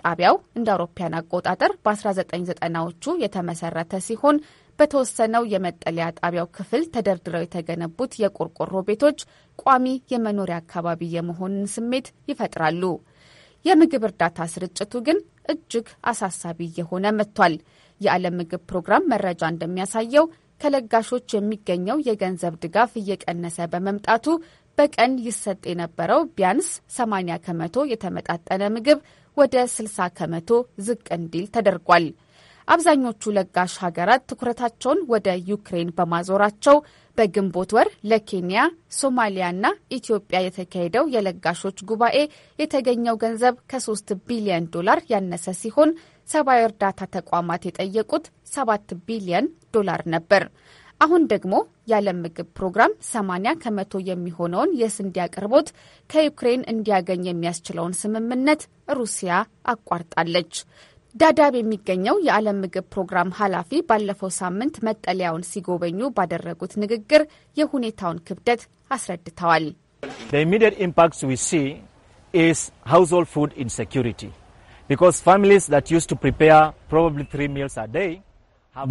ጣቢያው እንደ አውሮፓያን አቆጣጠር በ1990ዎቹ የተመሰረተ ሲሆን በተወሰነው የመጠለያ ጣቢያው ክፍል ተደርድረው የተገነቡት የቆርቆሮ ቤቶች ቋሚ የመኖሪያ አካባቢ የመሆንን ስሜት ይፈጥራሉ። የምግብ እርዳታ ስርጭቱ ግን እጅግ አሳሳቢ እየሆነ መጥቷል። የዓለም ምግብ ፕሮግራም መረጃ እንደሚያሳየው ከለጋሾች የሚገኘው የገንዘብ ድጋፍ እየቀነሰ በመምጣቱ በቀን ይሰጥ የነበረው ቢያንስ 80 ከመቶ የተመጣጠነ ምግብ ወደ 60 ከመቶ ዝቅ እንዲል ተደርጓል። አብዛኞቹ ለጋሽ ሀገራት ትኩረታቸውን ወደ ዩክሬን በማዞራቸው በግንቦት ወር ለኬንያ፣ ሶማሊያና ኢትዮጵያ የተካሄደው የለጋሾች ጉባኤ የተገኘው ገንዘብ ከ3 ቢሊዮን ዶላር ያነሰ ሲሆን ሰብአዊ እርዳታ ተቋማት የጠየቁት 7 ቢሊየን ዶላር ነበር። አሁን ደግሞ የዓለም ምግብ ፕሮግራም 80 ከመቶ የሚሆነውን የስንዴ አቅርቦት ከዩክሬን እንዲያገኝ የሚያስችለውን ስምምነት ሩሲያ አቋርጣለች። ዳዳብ የሚገኘው የዓለም ምግብ ፕሮግራም ኃላፊ ባለፈው ሳምንት መጠለያውን ሲጎበኙ ባደረጉት ንግግር የሁኔታውን ክብደት አስረድተዋል። The immediate impacts we see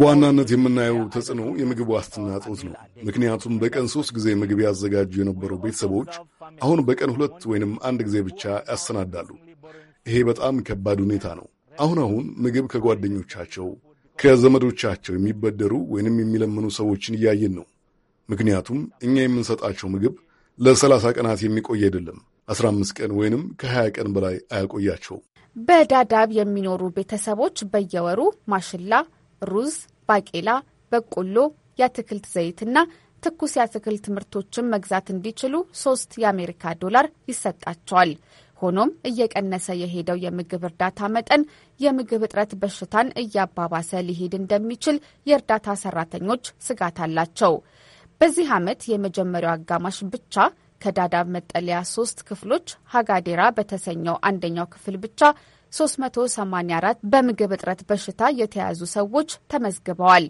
በዋናነት የምናየው ተጽዕኖ የምግብ ዋስትና እጦት ነው። ምክንያቱም በቀን ሶስት ጊዜ ምግብ ያዘጋጁ የነበሩ ቤተሰቦች አሁን በቀን ሁለት ወይንም አንድ ጊዜ ብቻ ያሰናዳሉ። ይሄ በጣም ከባድ ሁኔታ ነው። አሁን አሁን ምግብ ከጓደኞቻቸው ከዘመዶቻቸው የሚበደሩ ወይንም የሚለምኑ ሰዎችን እያየን ነው። ምክንያቱም እኛ የምንሰጣቸው ምግብ ለሰላሳ ቀናት የሚቆይ አይደለም። 15 ቀን ወይንም ከ20 ቀን በላይ አያቆያቸውም። በዳዳብ የሚኖሩ ቤተሰቦች በየወሩ ማሽላ፣ ሩዝ፣ ባቄላ፣ በቆሎ፣ የአትክልት ዘይትና ትኩስ የአትክልት ምርቶችን መግዛት እንዲችሉ ሶስት የአሜሪካ ዶላር ይሰጣቸዋል። ሆኖም እየቀነሰ የሄደው የምግብ እርዳታ መጠን የምግብ እጥረት በሽታን እያባባሰ ሊሄድ እንደሚችል የእርዳታ ሰራተኞች ስጋት አላቸው። በዚህ ዓመት የመጀመሪያው አጋማሽ ብቻ ተዳዳብ መጠለያ ሶስት ክፍሎች ሀጋዴራ በተሰኘው አንደኛው ክፍል ብቻ 384 በምግብ እጥረት በሽታ የተያዙ ሰዎች ተመዝግበዋል።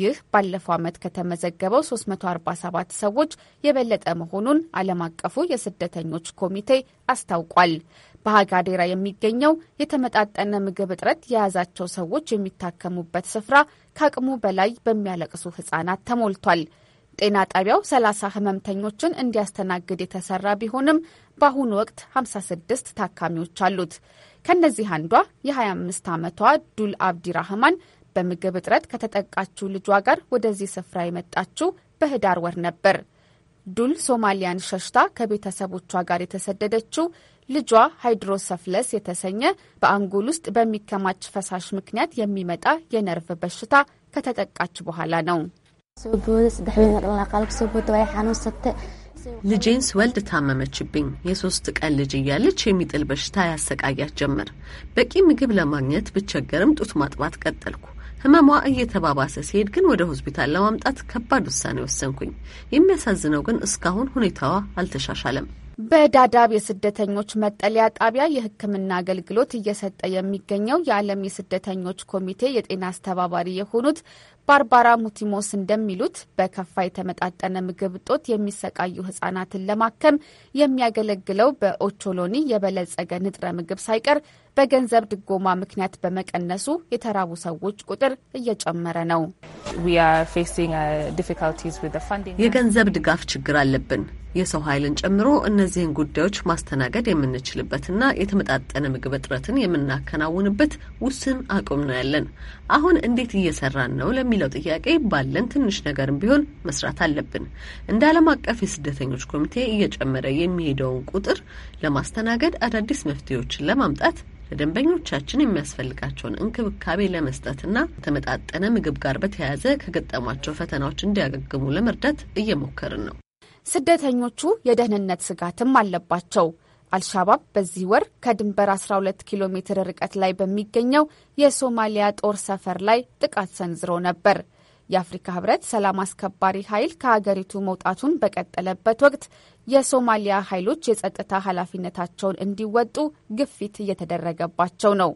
ይህ ባለፈው ዓመት ከተመዘገበው 347 ሰዎች የበለጠ መሆኑን ዓለም አቀፉ የስደተኞች ኮሚቴ አስታውቋል። በሀጋዴራ የሚገኘው የተመጣጠነ ምግብ እጥረት የያዛቸው ሰዎች የሚታከሙበት ስፍራ ከአቅሙ በላይ በሚያለቅሱ ህጻናት ተሞልቷል። ጤና ጣቢያው 30 ህመምተኞችን እንዲያስተናግድ የተሰራ ቢሆንም በአሁኑ ወቅት 56 ታካሚዎች አሉት። ከነዚህ አንዷ የ25 ዓመቷ ዱል አብዲ ራህማን በምግብ እጥረት ከተጠቃችው ልጇ ጋር ወደዚህ ስፍራ የመጣችው በህዳር ወር ነበር። ዱል ሶማሊያን ሸሽታ ከቤተሰቦቿ ጋር የተሰደደችው ልጇ ሃይድሮሰፍለስ የተሰኘ በአንጎል ውስጥ በሚከማች ፈሳሽ ምክንያት የሚመጣ የነርቭ በሽታ ከተጠቃች በኋላ ነው። ልጄን ስወልድ ታመመችብኝ። የሶስት ቀን ልጅ እያለች የሚጥል በሽታ ያሰቃያት ጀመር። በቂ ምግብ ለማግኘት ብቸገርም ጡት ማጥባት ቀጠልኩ። ህመሟ እየተባባሰ ሲሄድ ግን ወደ ሆስፒታል ለማምጣት ከባድ ውሳኔ ወሰንኩኝ። የሚያሳዝነው ግን እስካሁን ሁኔታዋ አልተሻሻለም። በዳዳብ የስደተኞች መጠለያ ጣቢያ የሕክምና አገልግሎት እየሰጠ የሚገኘው የዓለም የስደተኞች ኮሚቴ የጤና አስተባባሪ የሆኑት ባርባራ ሙቲሞስ እንደሚሉት በከፋ የተመጣጠነ ምግብ እጦት የሚሰቃዩ ህጻናትን ለማከም የሚያገለግለው በኦቾሎኒ የበለጸገ ንጥረ ምግብ ሳይቀር በገንዘብ ድጎማ ምክንያት በመቀነሱ የተራቡ ሰዎች ቁጥር እየጨመረ ነው። uh, የገንዘብ ድጋፍ ችግር አለብን። የሰው ኃይልን ጨምሮ እነዚህን ጉዳዮች ማስተናገድ የምንችልበትና የተመጣጠነ ምግብ እጥረትን የምናከናውንበት ውስን አቁም ነው ያለን። አሁን እንዴት እየሰራን ነው ለሚለው ጥያቄ ባለን ትንሽ ነገርም ቢሆን መስራት አለብን። እንደ ዓለም አቀፍ የስደተኞች ኮሚቴ እየጨመረ የሚሄደውን ቁጥር ለማስተናገድ አዳዲስ መፍትሄዎችን ለማምጣት ለደንበኞቻችን የሚያስፈልጋቸውን እንክብካቤ ለመስጠትና ከተመጣጠነ ምግብ ጋር በተያያዘ ከገጠሟቸው ፈተናዎች እንዲያገግሙ ለመርዳት እየሞከርን ነው። ስደተኞቹ የደህንነት ስጋትም አለባቸው። አልሻባብ በዚህ ወር ከድንበር 12 ኪሎ ሜትር ርቀት ላይ በሚገኘው የሶማሊያ ጦር ሰፈር ላይ ጥቃት ሰንዝሮ ነበር። የአፍሪካ ህብረት ሰላም አስከባሪ ኃይል ከሀገሪቱ መውጣቱን በቀጠለበት ወቅት የሶማሊያ ኃይሎች የጸጥታ ኃላፊነታቸውን እንዲወጡ ግፊት እየተደረገባቸው ነው።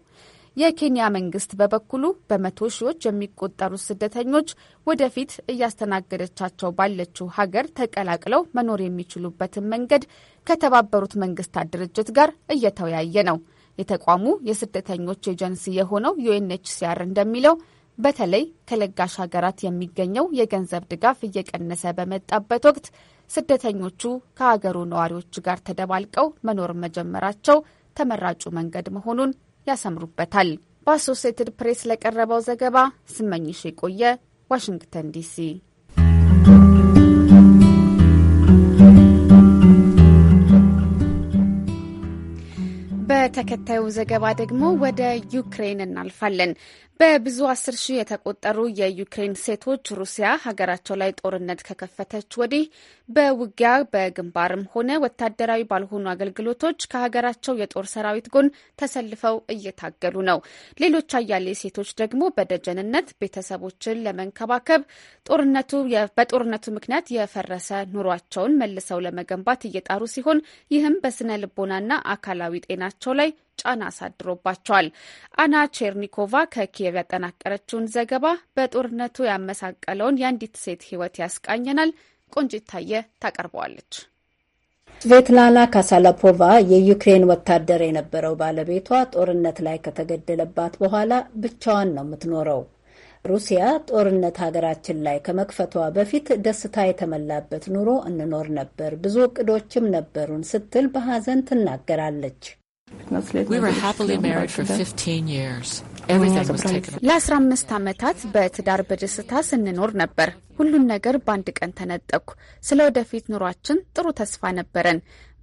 የኬንያ መንግስት በበኩሉ በመቶ ሺዎች የሚቆጠሩት ስደተኞች ወደፊት እያስተናገደቻቸው ባለችው ሀገር ተቀላቅለው መኖር የሚችሉበትን መንገድ ከተባበሩት መንግስታት ድርጅት ጋር እየተወያየ ነው። የተቋሙ የስደተኞች ኤጀንሲ የሆነው ዩኤንኤችሲአር እንደሚለው በተለይ ከለጋሽ ሀገራት የሚገኘው የገንዘብ ድጋፍ እየቀነሰ በመጣበት ወቅት ስደተኞቹ ከሀገሩ ነዋሪዎች ጋር ተደባልቀው መኖር መጀመራቸው ተመራጩ መንገድ መሆኑን ያሰምሩበታል። በአሶሴትድ ፕሬስ ለቀረበው ዘገባ ስመኝሽ የቆየ ዋሽንግተን ዲሲ። በተከታዩ ዘገባ ደግሞ ወደ ዩክሬን እናልፋለን። በብዙ አስር ሺህ የተቆጠሩ የዩክሬን ሴቶች ሩሲያ ሀገራቸው ላይ ጦርነት ከከፈተች ወዲህ በውጊያ በግንባርም ሆነ ወታደራዊ ባልሆኑ አገልግሎቶች ከሀገራቸው የጦር ሰራዊት ጎን ተሰልፈው እየታገሉ ነው። ሌሎች አያሌ ሴቶች ደግሞ በደጀንነት ቤተሰቦችን ለመንከባከብ ጦርነቱ በጦርነቱ ምክንያት የፈረሰ ኑሯቸውን መልሰው ለመገንባት እየጣሩ ሲሆን ይህም በስነ ልቦናና አካላዊ ጤናቸው ላይ ጫና አሳድሮባቸዋል። አና ቼርኒኮቫ ከኪየቭ ያጠናቀረችውን ዘገባ በጦርነቱ ያመሳቀለውን የአንዲት ሴት ሕይወት ያስቃኘናል። ቆንጂት ታየ ታቀርበዋለች። ስቬትላና ካሳላፖቫ የዩክሬን ወታደር የነበረው ባለቤቷ ጦርነት ላይ ከተገደለባት በኋላ ብቻዋን ነው የምትኖረው። ሩሲያ ጦርነት ሀገራችን ላይ ከመክፈቷ በፊት ደስታ የተሞላበት ኑሮ እንኖር ነበር፣ ብዙ እቅዶችም ነበሩን ስትል በሐዘን ትናገራለች። ለ15 ዓመታት በትዳር በደስታ ስንኖር ነበር። ሁሉን ነገር በአንድ ቀን ተነጠቅኩ። ስለ ወደፊት ኑሯችን ጥሩ ተስፋ ነበረን።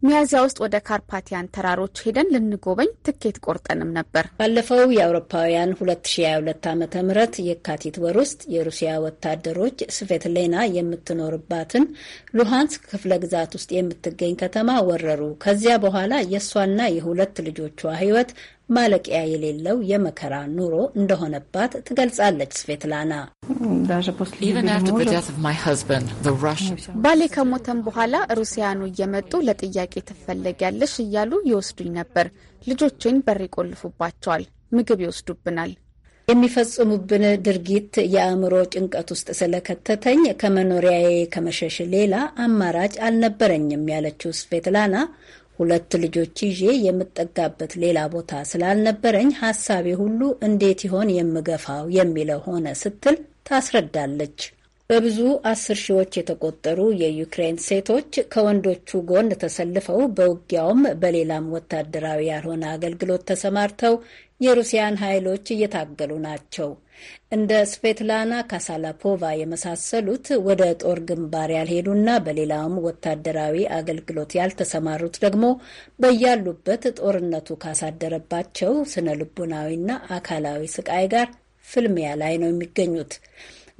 ሚያዚያ ውስጥ ወደ ካርፓቲያን ተራሮች ሄደን ልንጎበኝ ትኬት ቆርጠንም ነበር። ባለፈው የአውሮፓውያን 2022 ዓ ም የካቲት ወር ውስጥ የሩሲያ ወታደሮች ስቬትሌና የምትኖርባትን ሉሃንስክ ክፍለ ግዛት ውስጥ የምትገኝ ከተማ ወረሩ። ከዚያ በኋላ የእሷና የሁለት ልጆቿ ህይወት ማለቂያ የሌለው የመከራ ኑሮ እንደሆነባት ትገልጻለች ስቬትላና። ባሌ ከሞተም በኋላ ሩሲያኑ እየመጡ ለጥያቄ ትፈለጊያለሽ እያሉ ይወስዱኝ ነበር። ልጆችን በር ይቆልፉባቸዋል፣ ምግብ ይወስዱብናል። የሚፈጽሙብን ድርጊት የአእምሮ ጭንቀት ውስጥ ስለከተተኝ ከመኖሪያዬ ከመሸሽ ሌላ አማራጭ አልነበረኝም ያለችው ስቬትላና ሁለት ልጆች ይዤ የምጠጋበት ሌላ ቦታ ስላልነበረኝ ሀሳቤ ሁሉ እንዴት ይሆን የምገፋው የሚለው ሆነ ስትል ታስረዳለች። በብዙ አስር ሺዎች የተቆጠሩ የዩክሬን ሴቶች ከወንዶቹ ጎን ተሰልፈው በውጊያውም በሌላም ወታደራዊ ያልሆነ አገልግሎት ተሰማርተው የሩሲያን ኃይሎች እየታገሉ ናቸው። እንደ ስቬትላና ካሳላፖቫ የመሳሰሉት ወደ ጦር ግንባር ያልሄዱና በሌላውም ወታደራዊ አገልግሎት ያልተሰማሩት ደግሞ በያሉበት ጦርነቱ ካሳደረባቸው ስነ ልቡናዊና አካላዊ ስቃይ ጋር ፍልሚያ ላይ ነው የሚገኙት።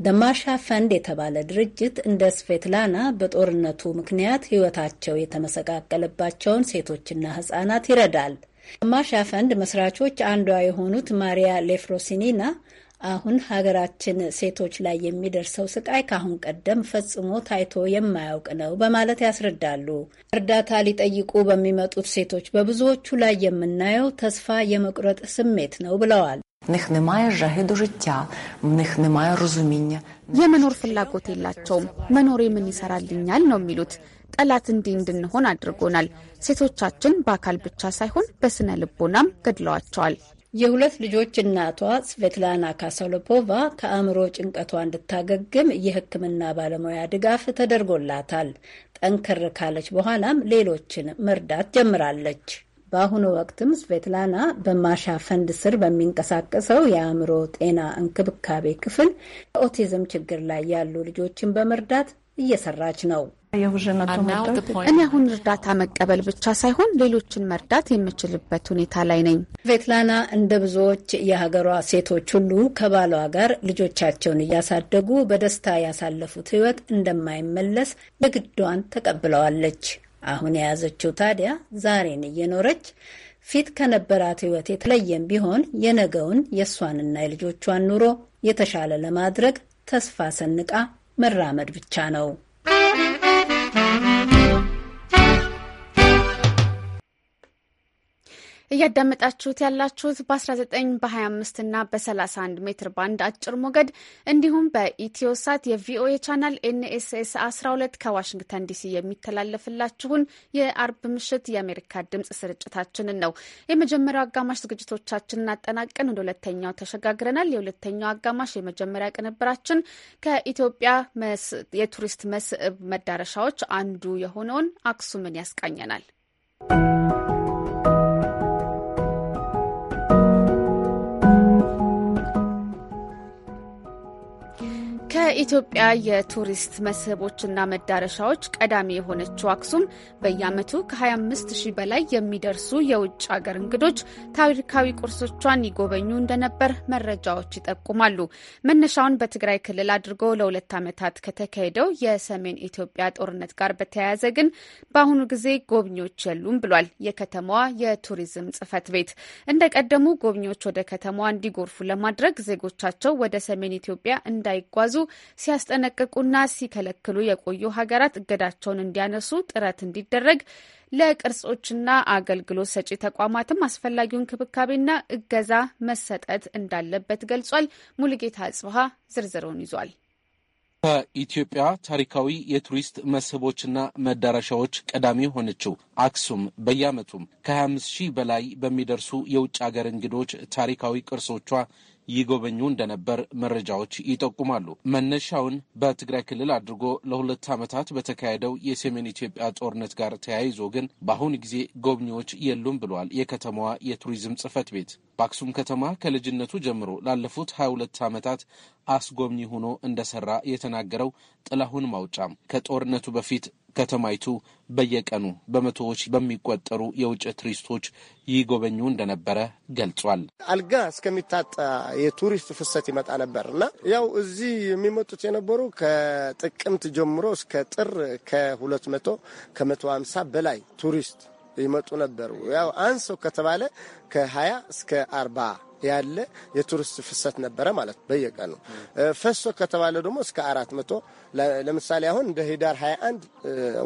ደማሻ ፈንድ የተባለ ድርጅት እንደ ስቬትላና በጦርነቱ ምክንያት ሕይወታቸው የተመሰቃቀለባቸውን ሴቶችና ሕጻናት ይረዳል። ደማሻ ፈንድ መስራቾች አንዷ የሆኑት ማሪያ ሌፍሮሲኒና አሁን ሀገራችን ሴቶች ላይ የሚደርሰው ስቃይ ከአሁን ቀደም ፈጽሞ ታይቶ የማያውቅ ነው በማለት ያስረዳሉ። እርዳታ ሊጠይቁ በሚመጡት ሴቶች በብዙዎቹ ላይ የምናየው ተስፋ የመቁረጥ ስሜት ነው ብለዋል። В них немає жаги до життя, в них немає розуміння. የመኖር ፍላጎት የላቸውም። መኖር ምን ይሰራልኛል ነው የሚሉት። ጠላት እንዲህ እንድንሆን አድርጎናል። ሴቶቻችን በአካል ብቻ ሳይሆን በስነ ልቦናም ገድለዋቸዋል። የሁለት ልጆች እናቷ ስቬትላና ካሳሎፖቫ ከአእምሮ ጭንቀቷ እንድታገግም የሕክምና ባለሙያ ድጋፍ ተደርጎላታል። ጠንከር ካለች በኋላም ሌሎችን መርዳት ጀምራለች። በአሁኑ ወቅትም ስቬትላና በማሻ ፈንድ ስር በሚንቀሳቀሰው የአእምሮ ጤና እንክብካቤ ክፍል ኦቲዝም ችግር ላይ ያሉ ልጆችን በመርዳት እየሰራች ነው። እኔ አሁን እርዳታ መቀበል ብቻ ሳይሆን ሌሎችን መርዳት የምችልበት ሁኔታ ላይ ነኝ። ቬትላና እንደ ብዙዎች የሀገሯ ሴቶች ሁሉ ከባሏ ጋር ልጆቻቸውን እያሳደጉ በደስታ ያሳለፉት ሕይወት እንደማይመለስ የግዷን ተቀብለዋለች። አሁን የያዘችው ታዲያ ዛሬን እየኖረች ፊት ከነበራት ህይወት የተለየም ቢሆን የነገውን የእሷንና የልጆቿን ኑሮ የተሻለ ለማድረግ ተስፋ ሰንቃ መራመድ ብቻ ነው። እያዳመጣችሁት ያላችሁት በ19 በ25 እና በ31 ሜትር ባንድ አጭር ሞገድ እንዲሁም በኢትዮሳት የቪኦኤ ቻናል ኤንኤስኤስ 12 ከዋሽንግተን ዲሲ የሚተላለፍላችሁን የአርብ ምሽት የአሜሪካ ድምጽ ስርጭታችንን ነው። የመጀመሪያው አጋማሽ ዝግጅቶቻችንን አጠናቀን ወደ ሁለተኛው ተሸጋግረናል። የሁለተኛው አጋማሽ የመጀመሪያ ቅንብራችን ከኢትዮጵያ የቱሪስት መስህብ መዳረሻዎች አንዱ የሆነውን አክሱምን ያስቃኘናል። የኢትዮጵያ የቱሪስት መስህቦችና መዳረሻዎች ቀዳሚ የሆነችው አክሱም በየዓመቱ ከ25 ሺህ በላይ የሚደርሱ የውጭ ሀገር እንግዶች ታሪካዊ ቅርሶቿን ይጎበኙ እንደነበር መረጃዎች ይጠቁማሉ። መነሻውን በትግራይ ክልል አድርጎ ለሁለት ዓመታት ከተካሄደው የሰሜን ኢትዮጵያ ጦርነት ጋር በተያያዘ ግን በአሁኑ ጊዜ ጎብኚዎች የሉም ብሏል የከተማዋ የቱሪዝም ጽፈት ቤት። እንደቀደሙ ጎብኚዎች ወደ ከተማዋ እንዲጎርፉ ለማድረግ ዜጎቻቸው ወደ ሰሜን ኢትዮጵያ እንዳይጓዙ ሲያስጠነቅቁና ሲከለክሉ የቆዩ ሀገራት እገዳቸውን እንዲያነሱ ጥረት እንዲደረግ ለቅርጾችና አገልግሎት ሰጪ ተቋማትም አስፈላጊውን እንክብካቤና እገዛ መሰጠት እንዳለበት ገልጿል። ሙሉጌታ አጽብሃ ዝርዝሩን ይዟል። ከኢትዮጵያ ታሪካዊ የቱሪስት መስህቦችና መዳረሻዎች ቀዳሚ የሆነችው አክሱም በየዓመቱም ከ25 ሺህ በላይ በሚደርሱ የውጭ ሀገር እንግዶች ታሪካዊ ቅርሶቿ ይጎበኙ እንደነበር መረጃዎች ይጠቁማሉ። መነሻውን በትግራይ ክልል አድርጎ ለሁለት ዓመታት በተካሄደው የሰሜን ኢትዮጵያ ጦርነት ጋር ተያይዞ ግን በአሁን ጊዜ ጎብኚዎች የሉም ብሏል የከተማዋ የቱሪዝም ጽህፈት ቤት። በአክሱም ከተማ ከልጅነቱ ጀምሮ ላለፉት 22 ዓመታት አስጎብኚ ሆኖ እንደሰራ የተናገረው ጥላሁን ማውጫም ከጦርነቱ በፊት ከተማይቱ በየቀኑ በመቶዎች በሚቆጠሩ የውጭ ቱሪስቶች ይጎበኙ እንደነበረ ገልጿል። አልጋ እስከሚታጣ የቱሪስት ፍሰት ይመጣ ነበር እና ያው እዚህ የሚመጡት የነበሩ ከጥቅምት ጀምሮ እስከ ጥር ከ መቶ ከመቶ ሃምሳ በላይ ቱሪስት ይመጡ ነበሩ። ያው አንሶ ከተባለ ከ20 እስከ 40 ያለ የቱሪስት ፍሰት ነበረ ማለት ነው። በየቀኑ ፈሶ ከተባለ ደግሞ እስከ አራት መቶ ለምሳሌ አሁን እንደ ህዳር 21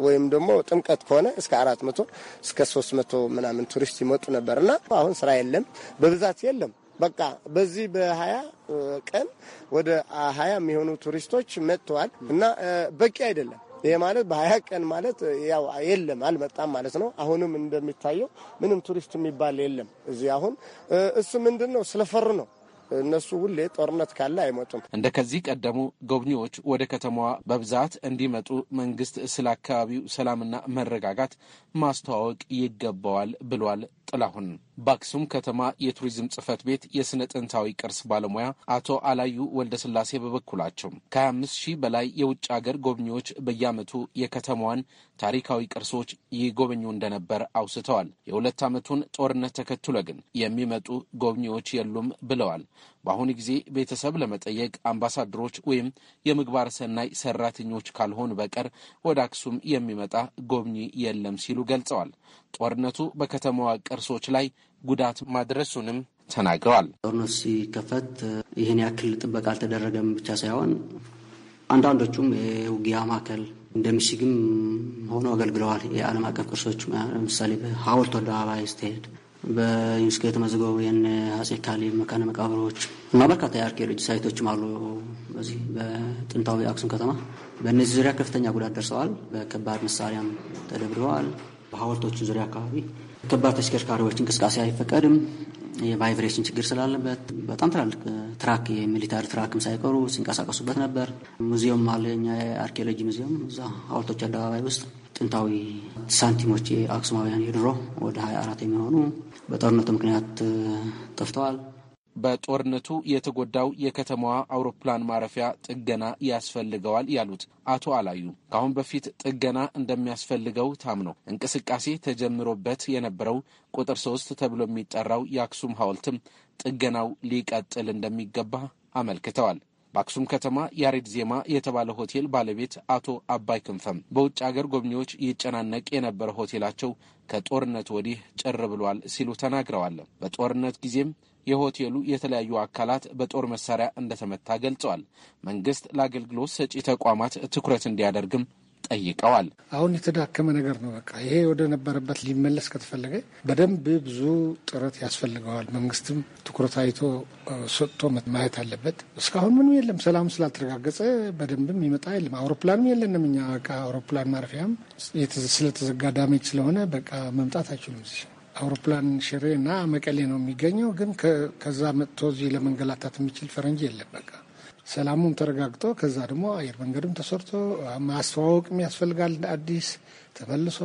ወይም ደግሞ ጥምቀት ከሆነ እስከ አራት መቶ እስከ ሶስት መቶ ምናምን ቱሪስት ይመጡ ነበር እና አሁን ስራ የለም፣ በብዛት የለም። በቃ በዚህ በሀያ ቀን ወደ ሀያ የሚሆኑ ቱሪስቶች መጥተዋል እና በቂ አይደለም። ይህ ማለት በሀያ ቀን ማለት ያው የለም አልመጣም ማለት ነው። አሁንም እንደሚታየው ምንም ቱሪስት የሚባል የለም እዚህ አሁን እሱ ምንድን ነው ስለፈሩ ነው። እነሱ ሁሌ ጦርነት ካለ አይመጡም። እንደ ከዚህ ቀደሙ ጎብኚዎች ወደ ከተማዋ በብዛት እንዲመጡ መንግስት ስለ አካባቢው ሰላምና መረጋጋት ማስተዋወቅ ይገባዋል ብሏል ጥላሁን በአክሱም ከተማ የቱሪዝም ጽህፈት ቤት የሥነ ጥንታዊ ቅርስ ባለሙያ አቶ አላዩ ወልደስላሴ በበኩላቸው ከ25 ሺህ በላይ የውጭ አገር ጎብኚዎች በየዓመቱ የከተማዋን ታሪካዊ ቅርሶች ይጎበኙ እንደነበር አውስተዋል። የሁለት ዓመቱን ጦርነት ተከትሎ ግን የሚመጡ ጎብኚዎች የሉም ብለዋል። በአሁኑ ጊዜ ቤተሰብ ለመጠየቅ አምባሳደሮች ወይም የምግባር ሰናይ ሰራተኞች ካልሆን በቀር ወደ አክሱም የሚመጣ ጎብኚ የለም ሲሉ ገልጸዋል። ጦርነቱ በከተማዋ ቅርሶች ላይ ጉዳት ማድረሱንም ተናግረዋል። ጦርነት ሲከፈት ይህን ያክል ጥበቃ አልተደረገም ብቻ ሳይሆን አንዳንዶቹም የውጊያ ማዕከል እንደ ምሽግም ሆኖ አገልግለዋል። የዓለም አቀፍ ቅርሶች ለምሳሌ በሀውልት አደባባይ ስትሄድ በዩኒስኮ የተመዘገቡ የነ አፄ ካሌብ መካነ መቃብሮች እና በርካታ የአርኪኦሎጂ ሳይቶችም አሉ። በዚህ በጥንታዊ አክሱም ከተማ በእነዚህ ዙሪያ ከፍተኛ ጉዳት ደርሰዋል። በከባድ መሳሪያም ተደብድበዋል። በሐውልቶቹ ዙሪያ አካባቢ ከባድ ተሽከርካሪዎች እንቅስቃሴ አይፈቀድም። የቫይብሬሽን ችግር ስላለበት በጣም ትላልቅ ትራክ የሚሊታሪ ትራክም ሳይቀሩ ሲንቀሳቀሱበት ነበር። ሙዚየም አለ፣ የኛ የአርኪኦሎጂ ሙዚየም እዛ ሐውልቶች አደባባይ ውስጥ ጥንታዊ ሳንቲሞች የአክሱማውያን የድሮ ወደ 24 የሚሆኑ በጦርነቱ ምክንያት ጠፍተዋል። በጦርነቱ የተጎዳው የከተማዋ አውሮፕላን ማረፊያ ጥገና ያስፈልገዋል ያሉት አቶ አላዩ ከአሁን በፊት ጥገና እንደሚያስፈልገው ነው። እንቅስቃሴ ተጀምሮበት የነበረው ቁጥር ሶስት ተብሎ የሚጠራው የአክሱም ሐውልትም ጥገናው ሊቀጥል እንደሚገባ አመልክተዋል። በአክሱም ከተማ ያሬድ ዜማ የተባለ ሆቴል ባለቤት አቶ አባይ ክንፈም በውጭ አገር ጎብኚዎች ይጨናነቅ የነበረ ሆቴላቸው ከጦርነት ወዲህ ጭር ብሏል ሲሉ ተናግረዋል። በጦርነት ጊዜም የሆቴሉ የተለያዩ አካላት በጦር መሳሪያ እንደተመታ ገልጸዋል። መንግስት ለአገልግሎት ሰጪ ተቋማት ትኩረት እንዲያደርግም ጠይቀዋል። አሁን የተዳከመ ነገር ነው። በቃ ይሄ ወደ ነበረበት ሊመለስ ከተፈለገ በደንብ ብዙ ጥረት ያስፈልገዋል። መንግስትም ትኩረት አይቶ ሰጥቶ ማየት አለበት። እስካሁን ምንም የለም። ሰላም ስላልተረጋገጠ በደንብም ይመጣ የለም። አውሮፕላንም የለንም እኛ በቃ አውሮፕላን ማረፊያም ስለተዘጋ ዳሜጅ ስለሆነ በቃ መምጣት አይችሉም። አውሮፕላን ሽሬ እና መቀሌ ነው የሚገኘው። ግን ከዛ መጥቶ እዚህ ለመንገላታት የሚችል ፈረንጅ የለም በቃ ሰላሙም ተረጋግጦ ከዛ ደግሞ አየር መንገድም ተሰርቶ ማስተዋወቅ ያስፈልጋል። አዲስ ተመልሶ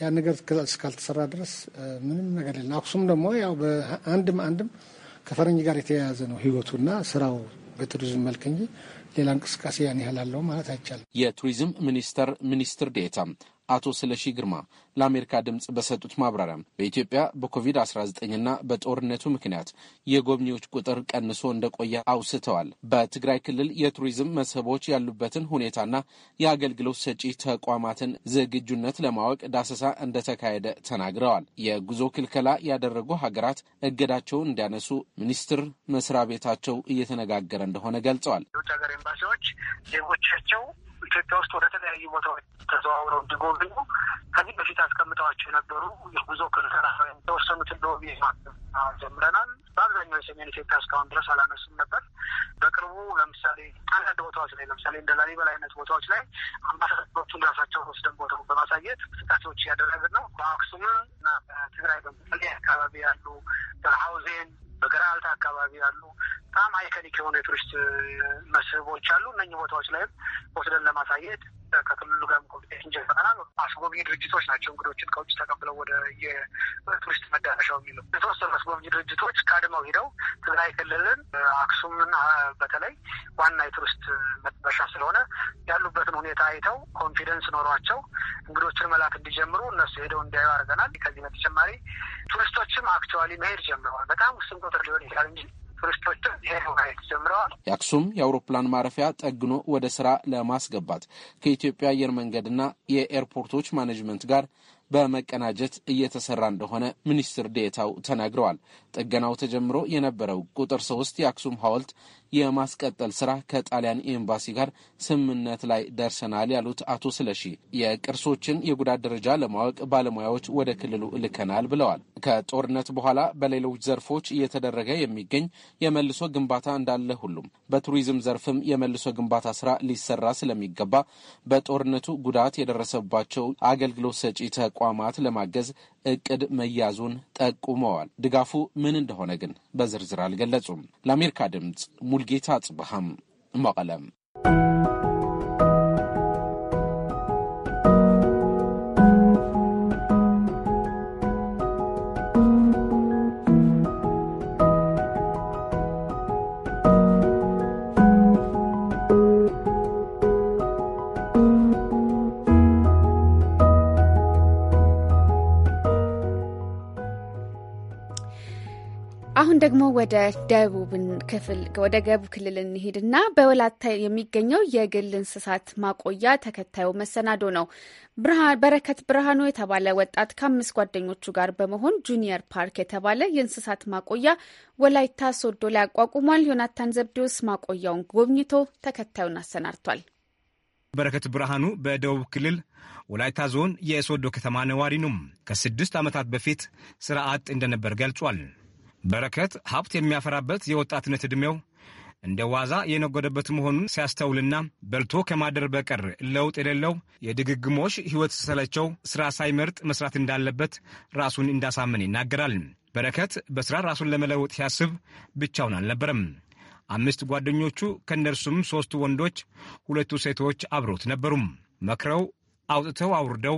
ያ ነገር እስካልተሰራ ድረስ ምንም ነገር የለም። አክሱም ደግሞ ያው አንድም አንድም ከፈረንጅ ጋር የተያያዘ ነው ህይወቱና ስራው በቱሪዝም መልክ እንጂ ሌላ እንቅስቃሴ ያን ያህል አለው ማለት አይቻልም። የቱሪዝም ሚኒስቴር ሚኒስትር ዴታ አቶ ስለሺ ግርማ ለአሜሪካ ድምፅ በሰጡት ማብራሪያ በኢትዮጵያ በኮቪድ-19ና በጦርነቱ ምክንያት የጎብኚዎች ቁጥር ቀንሶ እንደቆየ አውስተዋል። በትግራይ ክልል የቱሪዝም መስህቦች ያሉበትን ሁኔታና የአገልግሎት ሰጪ ተቋማትን ዝግጁነት ለማወቅ ዳሰሳ እንደተካሄደ ተናግረዋል። የጉዞ ክልከላ ያደረጉ ሀገራት እገዳቸውን እንዲያነሱ ሚኒስትር መስሪያ ቤታቸው እየተነጋገረ እንደሆነ ገልጸዋል። የውጭ ሀገር ኤምባሲዎች ዜጎቻቸው ኢትዮጵያ ውስጥ ወደ ተለያዩ ቦታዎች ተዘዋውረው እንዲጎብኙ ከዚህ በፊት አስቀምጠዋቸው የነበሩ የጉዞ ክልተና የተወሰኑትን ለወቢ ጀምረናል። በአብዛኛው የሰሜን ኢትዮጵያ እስካሁን ድረስ አላነሱም ነበር። በቅርቡ ለምሳሌ አንዳንድ ቦታዎች ላይ ለምሳሌ እንደ ላሊበላ አይነት ቦታዎች ላይ አምባሳደሮቹን ራሳቸው ወስደን ቦታው በማሳየት እንቅስቃሴዎች እያደረግን ነው። በአክሱምም እና በትግራይ በመቀሌ አካባቢ ያሉ በሀውዜን በገራልታ አካባቢ ያሉ በጣም አይከኒክ የሆኑ የቱሪስት መስህቦች አሉ። እነኚህ ቦታዎች ላይም ወስደን ለማሳየት ከክልሉ ጋር ኮሚኒኬሽን ጀምረናል። አስጎብኝ ድርጅቶች ናቸው እንግዶችን ከውጭ ተቀብለው ወደ የቱሪስት መዳረሻው የሚሉ የተወሰኑ አስጎብኝ ድርጅቶች ቀድመው ሂደው ትግራይ ክልልን አክሱምን በተለይ ዋና የቱሪስት መዳረሻ ስለሆነ ያሉበትን ሁኔታ አይተው ኮንፊደንስ ኖሯቸው እንግዶችን መላክ እንዲጀምሩ እነሱ ሄደው እንዲያዩ አድርገናል። ከዚህ በተጨማሪ ቱሪስቶችም አክቹዋሊ መሄድ ጀምረዋል። በጣም ውስን ቁጥር ሊሆን ይችላል እንጂ ቱሪስቶችም ማየት ጀምረዋል። የአክሱም የአውሮፕላን ማረፊያ ጠግኖ ወደ ስራ ለማስገባት ከኢትዮጵያ አየር መንገድና የኤርፖርቶች ማኔጅመንት ጋር በመቀናጀት እየተሰራ እንደሆነ ሚኒስትር ዴታው ተናግረዋል። ጥገናው ተጀምሮ የነበረው ቁጥር ሶስት የአክሱም ሐውልት የማስቀጠል ስራ ከጣሊያን ኤምባሲ ጋር ስምምነት ላይ ደርሰናል ያሉት አቶ ስለሺ የቅርሶችን የጉዳት ደረጃ ለማወቅ ባለሙያዎች ወደ ክልሉ ልከናል ብለዋል። ከጦርነት በኋላ በሌሎች ዘርፎች እየተደረገ የሚገኝ የመልሶ ግንባታ እንዳለ ሁሉም በቱሪዝም ዘርፍም የመልሶ ግንባታ ስራ ሊሰራ ስለሚገባ በጦርነቱ ጉዳት የደረሰባቸው አገልግሎት ሰጪ ተቋማት ለማገዝ እቅድ መያዙን ጠቁመዋል። ድጋፉ ምን እንደሆነ ግን በዝርዝር አልገለጹም። ለአሜሪካ ድምፅ ሙልጌታ ጽብሃም መቀለም ደግሞ ወደ ደቡብን ክፍል ወደ ደቡብ ክልል እንሄድና በወላታ የሚገኘው የግል እንስሳት ማቆያ ተከታዩ መሰናዶ ነው። በረከት ብርሃኑ የተባለ ወጣት ከአምስት ጓደኞቹ ጋር በመሆን ጁኒየር ፓርክ የተባለ የእንስሳት ማቆያ ወላይታ ሶዶ ላይ አቋቁሟል። ዮናታን ዘብዴዎስ ማቆያውን ጎብኝቶ ተከታዩን አሰናድቷል። በረከት ብርሃኑ በደቡብ ክልል ወላይታ ዞን የሶዶ ከተማ ነዋሪ ነው። ከስድስት ዓመታት በፊት ስራ አጥ እንደነበር ገልጿል። በረከት ሀብት የሚያፈራበት የወጣትነት ዕድሜው እንደ ዋዛ የነጎደበት መሆኑን ሲያስተውልና በልቶ ከማደር በቀር ለውጥ የሌለው የድግግሞሽ ሕይወት ስሰለቸው ሥራ ሳይመርጥ መስራት እንዳለበት ራሱን እንዳሳመን ይናገራል። በረከት በሥራ ራሱን ለመለወጥ ሲያስብ ብቻውን አልነበረም። አምስት ጓደኞቹ ከእነርሱም ሦስቱ ወንዶች፣ ሁለቱ ሴቶች አብሮት ነበሩም። መክረው አውጥተው አውርደው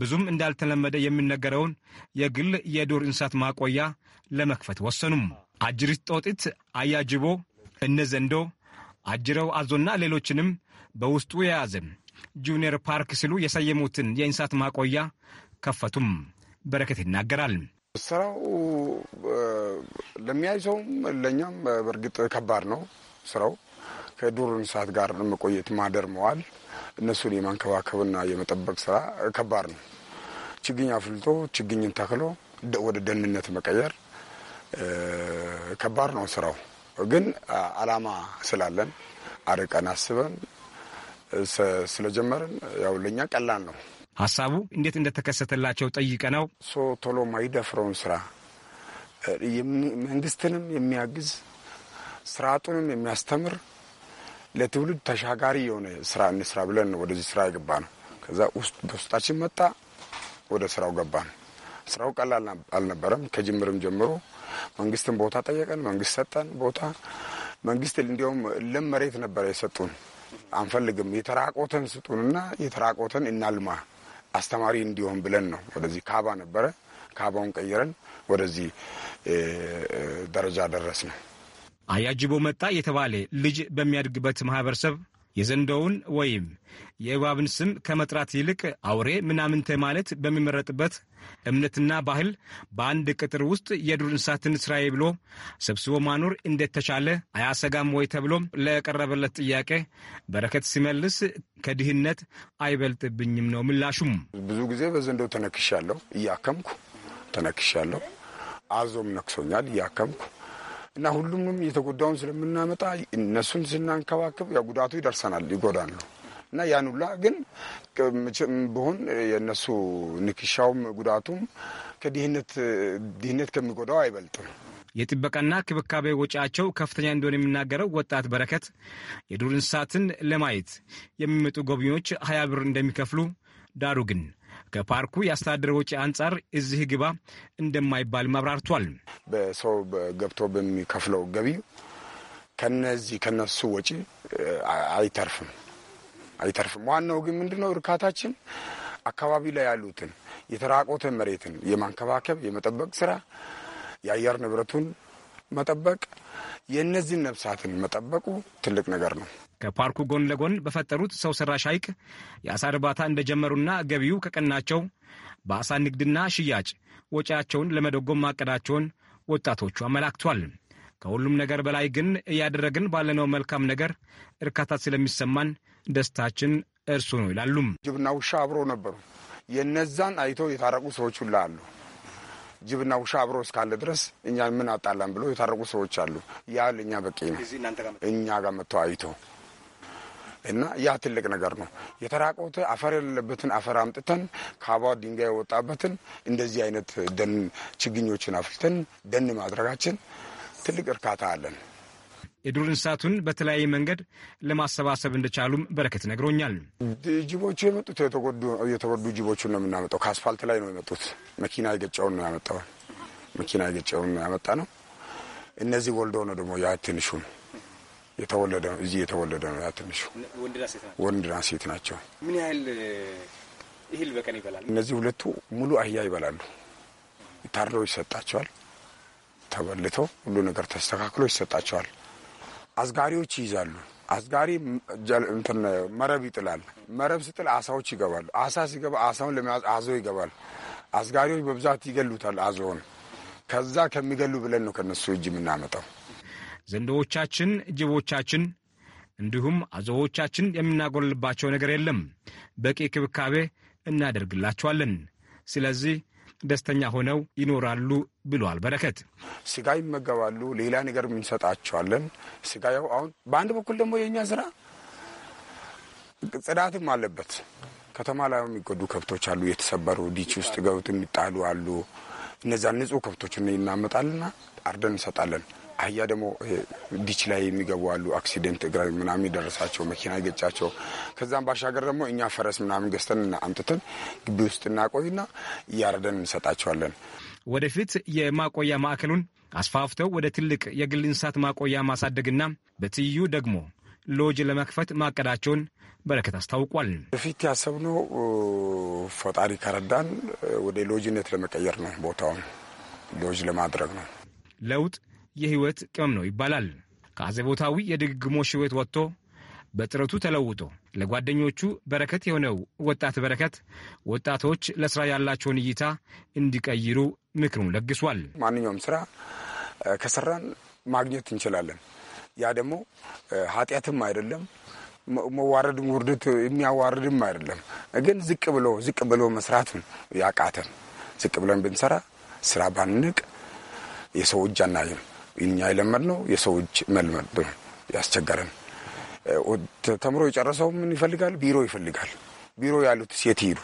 ብዙም እንዳልተለመደ የሚነገረውን የግል የዱር እንስሳት ማቆያ ለመክፈት ወሰኑም። አጅሪት ጦጢት፣ አያጅቦ፣ እነ ዘንዶ፣ አጅረው አዞና ሌሎችንም በውስጡ የያዘ ጁኒየር ፓርክ ሲሉ የሰየሙትን የእንስሳት ማቆያ ከፈቱም። በረከት ይናገራል። ስራው ለሚያይ ሰውም ለእኛም በእርግጥ ከባድ ነው። ስራው ከዱር እንስሳት ጋር መቆየት ማደር መዋል እነሱን የማንከባከብና የመጠበቅ ስራ ከባድ ነው። ችግኝ አፍልቶ ችግኝን ተክሎ ወደ ደህንነት መቀየር ከባድ ነው ስራው። ግን አላማ ስላለን አርቀን አስበን ስለጀመርን ያው ለእኛ ቀላል ነው። ሀሳቡ እንዴት እንደተከሰተላቸው ጠይቀ ነው ሶ ቶሎ ማይደፍረውን ስራ መንግስትንም የሚያግዝ ስርዓቱንም የሚያስተምር ለትውልድ ተሻጋሪ የሆነ ስራ እንስራ ብለን ወደዚህ ስራ የገባ ነው። ከዛ ውስጥ በውስጣችን መጣ፣ ወደ ስራው ገባ ነው። ስራው ቀላል አልነበረም። ከጅምርም ጀምሮ መንግስትን ቦታ ጠየቀን፣ መንግስት ሰጠን ቦታ። መንግስት እንዲሁም ለም መሬት ነበረ የሰጡን። አንፈልግም የተራቆተን ስጡንና የተራቆተን እናልማ አስተማሪ እንዲሆን ብለን ነው ወደዚህ ካባ ነበረ። ካባውን ቀይረን ወደዚህ ደረጃ ደረስ ነው። አያጅቦ መጣ የተባለ ልጅ በሚያድግበት ማህበረሰብ የዘንዶውን ወይም የእባብን ስም ከመጥራት ይልቅ አውሬ ምናምንተ ማለት በሚመረጥበት እምነትና ባህል በአንድ ቅጥር ውስጥ የዱር እንስሳትን ስራዬ ብሎ ሰብስቦ ማኖር እንደተቻለ አያሰጋም ወይ ተብሎ ለቀረበለት ጥያቄ በረከት ሲመልስ ከድህነት አይበልጥብኝም ነው ምላሹም። ብዙ ጊዜ በዘንዶ ተነክሻለሁ፣ እያከምኩ ተነክሻለሁ። አዞም ነክሶኛል፣ እያከምኩ እና ሁሉም የተጎዳውን ስለምናመጣ እነሱን ስናንከባክብ ያ ጉዳቱ ይደርሰናል፣ ይጎዳሉ እና ያን ሁላ ግን ቢሆን የእነሱ ንክሻውም ጉዳቱም ከድህነት ድህነት ከሚጎዳው አይበልጥም። የጥበቃና ክብካቤ ወጪያቸው ከፍተኛ እንደሆነ የሚናገረው ወጣት በረከት የዱር እንስሳትን ለማየት የሚመጡ ጎብኚዎች ሀያ ብር እንደሚከፍሉ ዳሩ ግን ከፓርኩ የአስተዳደር ወጪ አንጻር እዚህ ግባ እንደማይባል መብራርቷል በሰው ገብቶ በሚከፍለው ገቢ ከነዚህ ከነሱ ወጪ አይተርፍም አይተርፍም። ዋናው ግን ምንድነው እርካታችን አካባቢ ላይ ያሉትን የተራቆተ መሬትን የማንከባከብ የመጠበቅ ስራ የአየር ንብረቱን መጠበቅ የእነዚህን ነፍሳትን መጠበቁ ትልቅ ነገር ነው። ከፓርኩ ጎን ለጎን በፈጠሩት ሰው ሰራሽ ሐይቅ የአሳ እርባታ እንደጀመሩና ገቢው ከቀናቸው በአሳ ንግድና ሽያጭ ወጪያቸውን ለመደጎም ማቀዳቸውን ወጣቶቹ አመላክቷል። ከሁሉም ነገር በላይ ግን እያደረግን ባለነው መልካም ነገር እርካታ ስለሚሰማን ደስታችን እርሱ ነው ይላሉም። ጅብና ውሻ አብሮ ነበሩ። የነዛን አይቶ የታረቁ ሰዎች ሁላ አሉ። ጅብና ውሻ አብሮ እስካለ ድረስ እኛ ምን አጣላን ብሎ የታረቁ ሰዎች አሉ። ያ ለእኛ በቂ ነው። እኛ ጋር መጥተው አይቶ እና ያ ትልቅ ነገር ነው። የተራቆተ አፈር የሌለበትን አፈር አምጥተን ከአባ ድንጋይ የወጣበትን እንደዚህ አይነት ደን ችግኞችን አፍልተን ደን ማድረጋችን ትልቅ እርካታ አለን። የዱር እንስሳቱን በተለያየ መንገድ ለማሰባሰብ እንደቻሉም በረከት ነግሮኛል። ጅቦቹ የመጡት የተጎዱ ጅቦቹን ነው የምናመጣው። ከአስፋልት ላይ ነው የመጡት። መኪና የገጨውን ነው ያመጣው። መኪና የገጨውን ነው ያመጣ ነው። እነዚህ ወልዶ ነው ደግሞ ያ ትንሹን የተወለደ እዚህ የተወለደ ነው። ትንሹ ወንድና ሴት ናቸው። ምን ያህል እህል በቀን ይበላል? እነዚህ ሁለቱ ሙሉ አህያ ይበላሉ። ታርደው ይሰጣቸዋል። ተበልተው ሁሉ ነገር ተስተካክሎ ይሰጣቸዋል። አዝጋሪዎች ይይዛሉ። አዝጋሪ እንትን መረብ ይጥላል። መረብ ስጥል አሳዎች ይገባሉ። አሳ ሲገባ አሳውን ለመያዝ አዞ ይገባል። አዝጋሪዎች በብዛት ይገሉታል አዞውን። ከዛ ከሚገሉ ብለን ነው ከነሱ እጅ የምናመጣው። ዘንዶዎቻችን፣ ጅቦቻችን እንዲሁም አዞዎቻችን የምናጎልባቸው ነገር የለም። በቂ ክብካቤ እናደርግላቸዋለን። ስለዚህ ደስተኛ ሆነው ይኖራሉ ብሏል። በረከት ስጋ ይመገባሉ። ሌላ ነገር እንሰጣቸዋለን። ስጋ ያው አሁን በአንድ በኩል ደግሞ የእኛ ስራ ጽዳትም አለበት። ከተማ ላይ የሚጎዱ ከብቶች አሉ። የተሰበሩ ዲች ውስጥ ገብት የሚጣሉ አሉ። እነዚያ ንጹህ ከብቶች እናመጣልና አርደን እንሰጣለን። አህያ ደግሞ ዲች ላይ የሚገቡ አሉ። አክሲደንት እግረ ምናምን የደረሳቸው መኪና ይገጫቸው። ከዛም ባሻገር ደግሞ እኛ ፈረስ ምናምን ገዝተን አምጥተን ግቢ ውስጥ እናቆይና እያረደን እንሰጣቸዋለን። ወደፊት የማቆያ ማዕከሉን አስፋፍተው ወደ ትልቅ የግል እንስሳት ማቆያ ማሳደግና በትይዩ ደግሞ ሎጅ ለመክፈት ማቀዳቸውን በረከት አስታውቋል። በፊት ያሰብነው ፈጣሪ ከረዳን ወደ ሎጅነት ለመቀየር ነው፣ ቦታውን ሎጅ ለማድረግ ነው። ለውጥ የህይወት ቅመም ነው ይባላል። ከአዘቦታዊ የድግግሞሽ ህይወት ወጥቶ በጥረቱ ተለውጦ ለጓደኞቹ በረከት የሆነው ወጣት በረከት ወጣቶች ለስራ ያላቸውን እይታ እንዲቀይሩ ምክሩን ለግሷል። ማንኛውም ስራ ከሰራን ማግኘት እንችላለን። ያ ደግሞ ኃጢአትም አይደለም መዋረድም ውርደት የሚያዋርድም አይደለም። ግን ዝቅ ብሎ ዝቅ ብሎ መስራትን ያቃተን ዝቅ ብለን ብንሰራ ስራ ባንንቅ የሰው እጅ አናይም። እኛ የለመድነው የሰው እጅ መልመድ ያስቸገረን። ተምሮ የጨረሰው ምን ይፈልጋል? ቢሮ ይፈልጋል። ቢሮ ያሉት ሴት ይሄዱ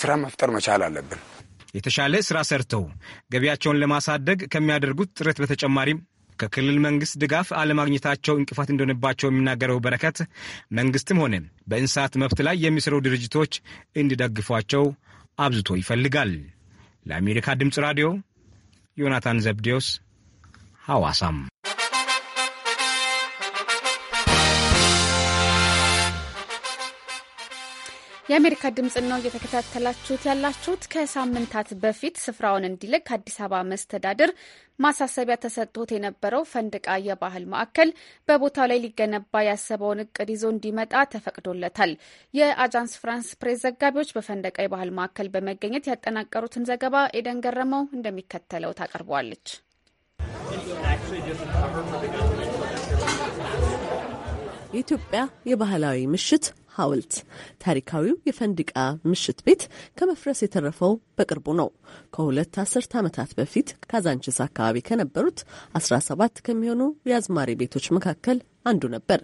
ስራ መፍጠር መቻል አለብን። የተሻለ ስራ ሰርተው ገቢያቸውን ለማሳደግ ከሚያደርጉት ጥረት በተጨማሪም ከክልል መንግስት ድጋፍ አለማግኘታቸው እንቅፋት እንደሆነባቸው የሚናገረው በረከት መንግስትም ሆነ በእንስሳት መብት ላይ የሚሰሩ ድርጅቶች እንዲደግፏቸው አብዝቶ ይፈልጋል። ለአሜሪካ ድምፅ ራዲዮ ዮናታን ዘብዴዎስ ሐዋሳም የአሜሪካ ድምፅ ነው እየተከታተላችሁት ያላችሁት። ከሳምንታት በፊት ስፍራውን እንዲለቅ አዲስ አበባ መስተዳድር ማሳሰቢያ ተሰጥቶት የነበረው ፈንድቃ የባህል ማዕከል በቦታው ላይ ሊገነባ ያሰበውን እቅድ ይዞ እንዲመጣ ተፈቅዶለታል። የአጃንስ ፍራንስ ፕሬስ ዘጋቢዎች በፈንድቃ የባህል ማዕከል በመገኘት ያጠናቀሩትን ዘገባ ኤደን ገረመው እንደሚከተለው ታቀርበዋለች። የኢትዮጵያ የባህላዊ ምሽት ሐውልት ታሪካዊው የፈንዲቃ ምሽት ቤት ከመፍረስ የተረፈው በቅርቡ ነው። ከሁለት አስርት ዓመታት በፊት ካዛንችስ አካባቢ ከነበሩት 17 ከሚሆኑ የአዝማሪ ቤቶች መካከል አንዱ ነበር።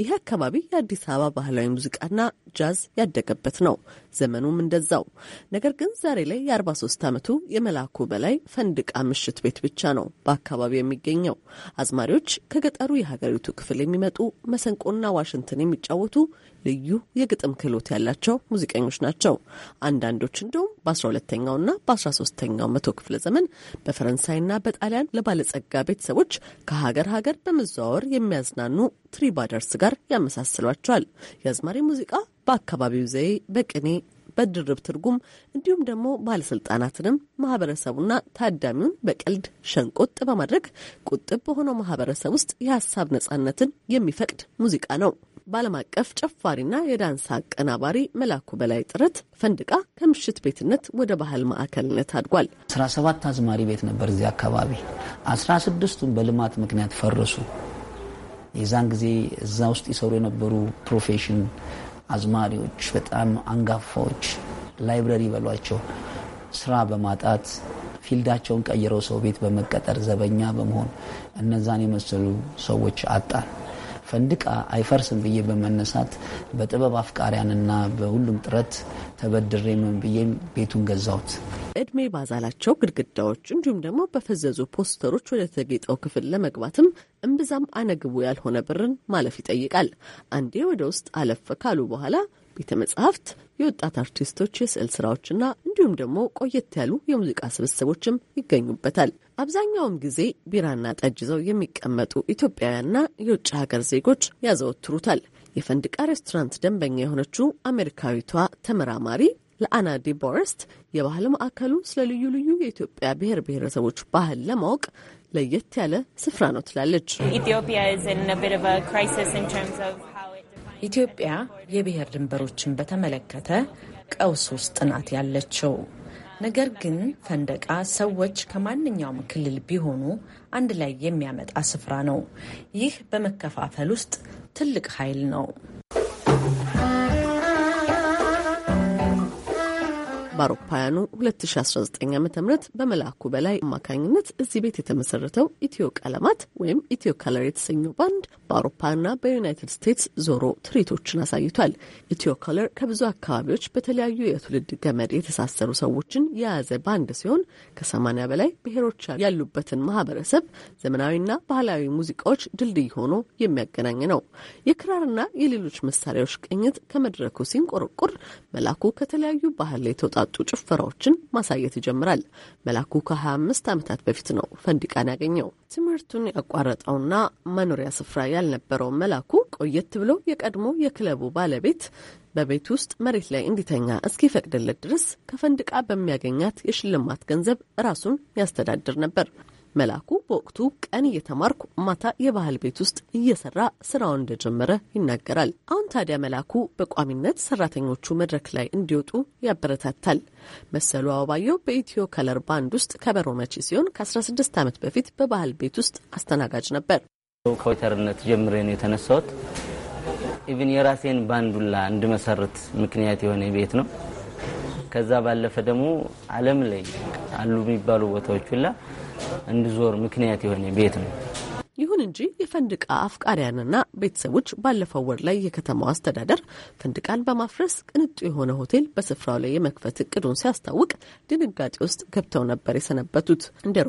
ይህ አካባቢ የአዲስ አበባ ባህላዊ ሙዚቃና ጃዝ ያደገበት ነው። ዘመኑም እንደዛው። ነገር ግን ዛሬ ላይ የ43 ዓመቱ የመላኩ በላይ ፈንድቃ ምሽት ቤት ብቻ ነው በአካባቢው የሚገኘው። አዝማሪዎች ከገጠሩ የሀገሪቱ ክፍል የሚመጡ መሰንቆና ዋሽንትን የሚጫወቱ ልዩ የግጥም ክህሎት ያላቸው ሙዚቀኞች ናቸው። አንዳንዶች እንዲሁም በ12ተኛውና በ13ተኛው መቶ ክፍለ ዘመን በፈረንሳይና በጣሊያን ለባለጸጋ ቤተሰቦች ከሀገር ሀገር በመዘዋወር የሚያዝናኑ ትሪባደርስ ጋር ያመሳስሏቸዋል። የአዝማሪ ሙዚቃ በአካባቢው ዘዬ፣ በቅኔ በድርብ ትርጉም እንዲሁም ደግሞ ባለስልጣናትንም ማህበረሰቡና ታዳሚውን በቀልድ ሸንቆጥ በማድረግ ቁጥብ በሆነው ማህበረሰብ ውስጥ የሀሳብ ነጻነትን የሚፈቅድ ሙዚቃ ነው። በዓለም አቀፍ ጨፋሪና የዳንስ አቀናባሪ መላኩ በላይ ጥረት ፈንድቃ ከምሽት ቤትነት ወደ ባህል ማዕከልነት አድጓል። ሰባት አዝማሪ ቤት ነበር እዚህ አካባቢ። ስድስቱን በልማት ምክንያት ፈረሱ። የዛን ጊዜ እዛ ውስጥ ይሰሩ የነበሩ ፕሮፌሽን አዝማሪዎች፣ በጣም አንጋፋዎች ላይብረሪ በሏቸው ስራ በማጣት ፊልዳቸውን ቀይረው ሰው ቤት በመቀጠር ዘበኛ በመሆን እነዛን የመሰሉ ሰዎች አጣን። ፈንድቃ አይፈርስም ብዬ በመነሳት በጥበብ አፍቃሪያንና በሁሉም ጥረት ተበድሬ ምን ብዬ ቤቱን ገዛሁት። እድሜ ባዛላቸው ግድግዳዎች እንዲሁም ደግሞ በፈዘዙ ፖስተሮች ወደ ተጌጠው ክፍል ለመግባትም እምብዛም አነግቡ ያልሆነ ብርን ማለፍ ይጠይቃል። አንዴ ወደ ውስጥ አለፍ ካሉ በኋላ ቤተ መጽሐፍት የወጣት አርቲስቶች የስዕል ስራዎችና እንዲሁም ደግሞ ቆየት ያሉ የሙዚቃ ስብስቦችም ይገኙበታል። አብዛኛውም ጊዜ ቢራና ጠጅ ይዘው የሚቀመጡ ኢትዮጵያውያንና የውጭ ሀገር ዜጎች ያዘወትሩታል። የፈንድቃ ሬስቶራንት ደንበኛ የሆነችው አሜሪካዊቷ ተመራማሪ ለአና ቦረስት የባህል ማዕከሉ ስለ ልዩ ልዩ የኢትዮጵያ ብሔር ብሔረሰቦች ባህል ለማወቅ ለየት ያለ ስፍራ ነው ትላለች። ኢትዮጵያ የብሔር ድንበሮችን በተመለከተ ቀውስ ውስጥ ጥናት ያለችው ነገር ግን ፈንደቃ ሰዎች ከማንኛውም ክልል ቢሆኑ አንድ ላይ የሚያመጣ ስፍራ ነው። ይህ በመከፋፈል ውስጥ ትልቅ ኃይል ነው። በአውሮፓውያኑ 2019 ዓ ም በመላኩ በላይ አማካኝነት እዚህ ቤት የተመሰረተው ኢትዮ ቀለማት ወይም ኢትዮ ከለር የተሰኘው ባንድ በአውሮፓና በዩናይትድ ስቴትስ ዞሮ ትርኢቶችን አሳይቷል። ኢትዮ ከለር ከብዙ አካባቢዎች በተለያዩ የትውልድ ገመድ የተሳሰሩ ሰዎችን የያዘ ባንድ ሲሆን ከ80 በላይ ብሔሮች ያሉበትን ማህበረሰብ ዘመናዊና ባህላዊ ሙዚቃዎች ድልድይ ሆኖ የሚያገናኝ ነው። የክራርና የሌሎች መሳሪያዎች ቅኝት ከመድረኩ ሲንቆረቆር መላኩ ከተለያዩ ባህል የተውጣ የተውጣጡ ጭፈራዎችን ማሳየት ይጀምራል። መላኩ ከ25 ዓመታት በፊት ነው ፈንዲቃን ያገኘው። ትምህርቱን ያቋረጠውና መኖሪያ ስፍራ ያልነበረው መላኩ ቆየት ብሎ የቀድሞ የክለቡ ባለቤት በቤት ውስጥ መሬት ላይ እንዲተኛ እስኪፈቅድለት ድረስ ከፈንድቃ በሚያገኛት የሽልማት ገንዘብ ራሱን ያስተዳድር ነበር። መላኩ በወቅቱ ቀን እየተማርኩ ማታ የባህል ቤት ውስጥ እየሰራ ስራውን እንደጀመረ ይናገራል። አሁን ታዲያ መላኩ በቋሚነት ሰራተኞቹ መድረክ ላይ እንዲወጡ ያበረታታል። መሰሉ አበባየው በኢትዮ ከለር ባንድ ውስጥ ከበሮ መቺ ሲሆን ከ16 ዓመት በፊት በባህል ቤት ውስጥ አስተናጋጅ ነበር። ከወይተርነት ጀምሬ ነው የተነሳሁት። ኢቭን የራሴን ባንዱላ እንድመሰርት ምክንያት የሆነ ቤት ነው። ከዛ ባለፈ ደግሞ ዓለም ላይ አሉ የሚባሉ ቦታዎች ሁላ እንድዞር ምክንያት የሆነ ቤት ነው። ይሁን እንጂ የፈንድቃ አፍቃሪያንና ቤተሰቦች ባለፈው ወር ላይ የከተማው አስተዳደር ፈንድቃን በማፍረስ ቅንጡ የሆነ ሆቴል በስፍራው ላይ የመክፈት እቅዱን ሲያስታውቅ ድንጋጤ ውስጥ ገብተው ነበር የሰነበቱት እንደ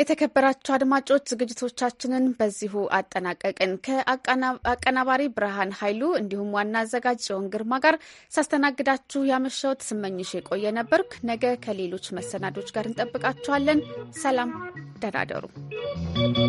የተከበራችሁ አድማጮች ዝግጅቶቻችንን በዚሁ አጠናቀቅን። ከአቀናባሪ ብርሃን ኃይሉ እንዲሁም ዋና አዘጋጅ ጽዮን ግርማ ጋር ሳስተናግዳችሁ ያመሸው ስመኝሽ የቆየ ነበርክ። ነገ ከሌሎች መሰናዶች ጋር እንጠብቃችኋለን። ሰላም፣ ደህና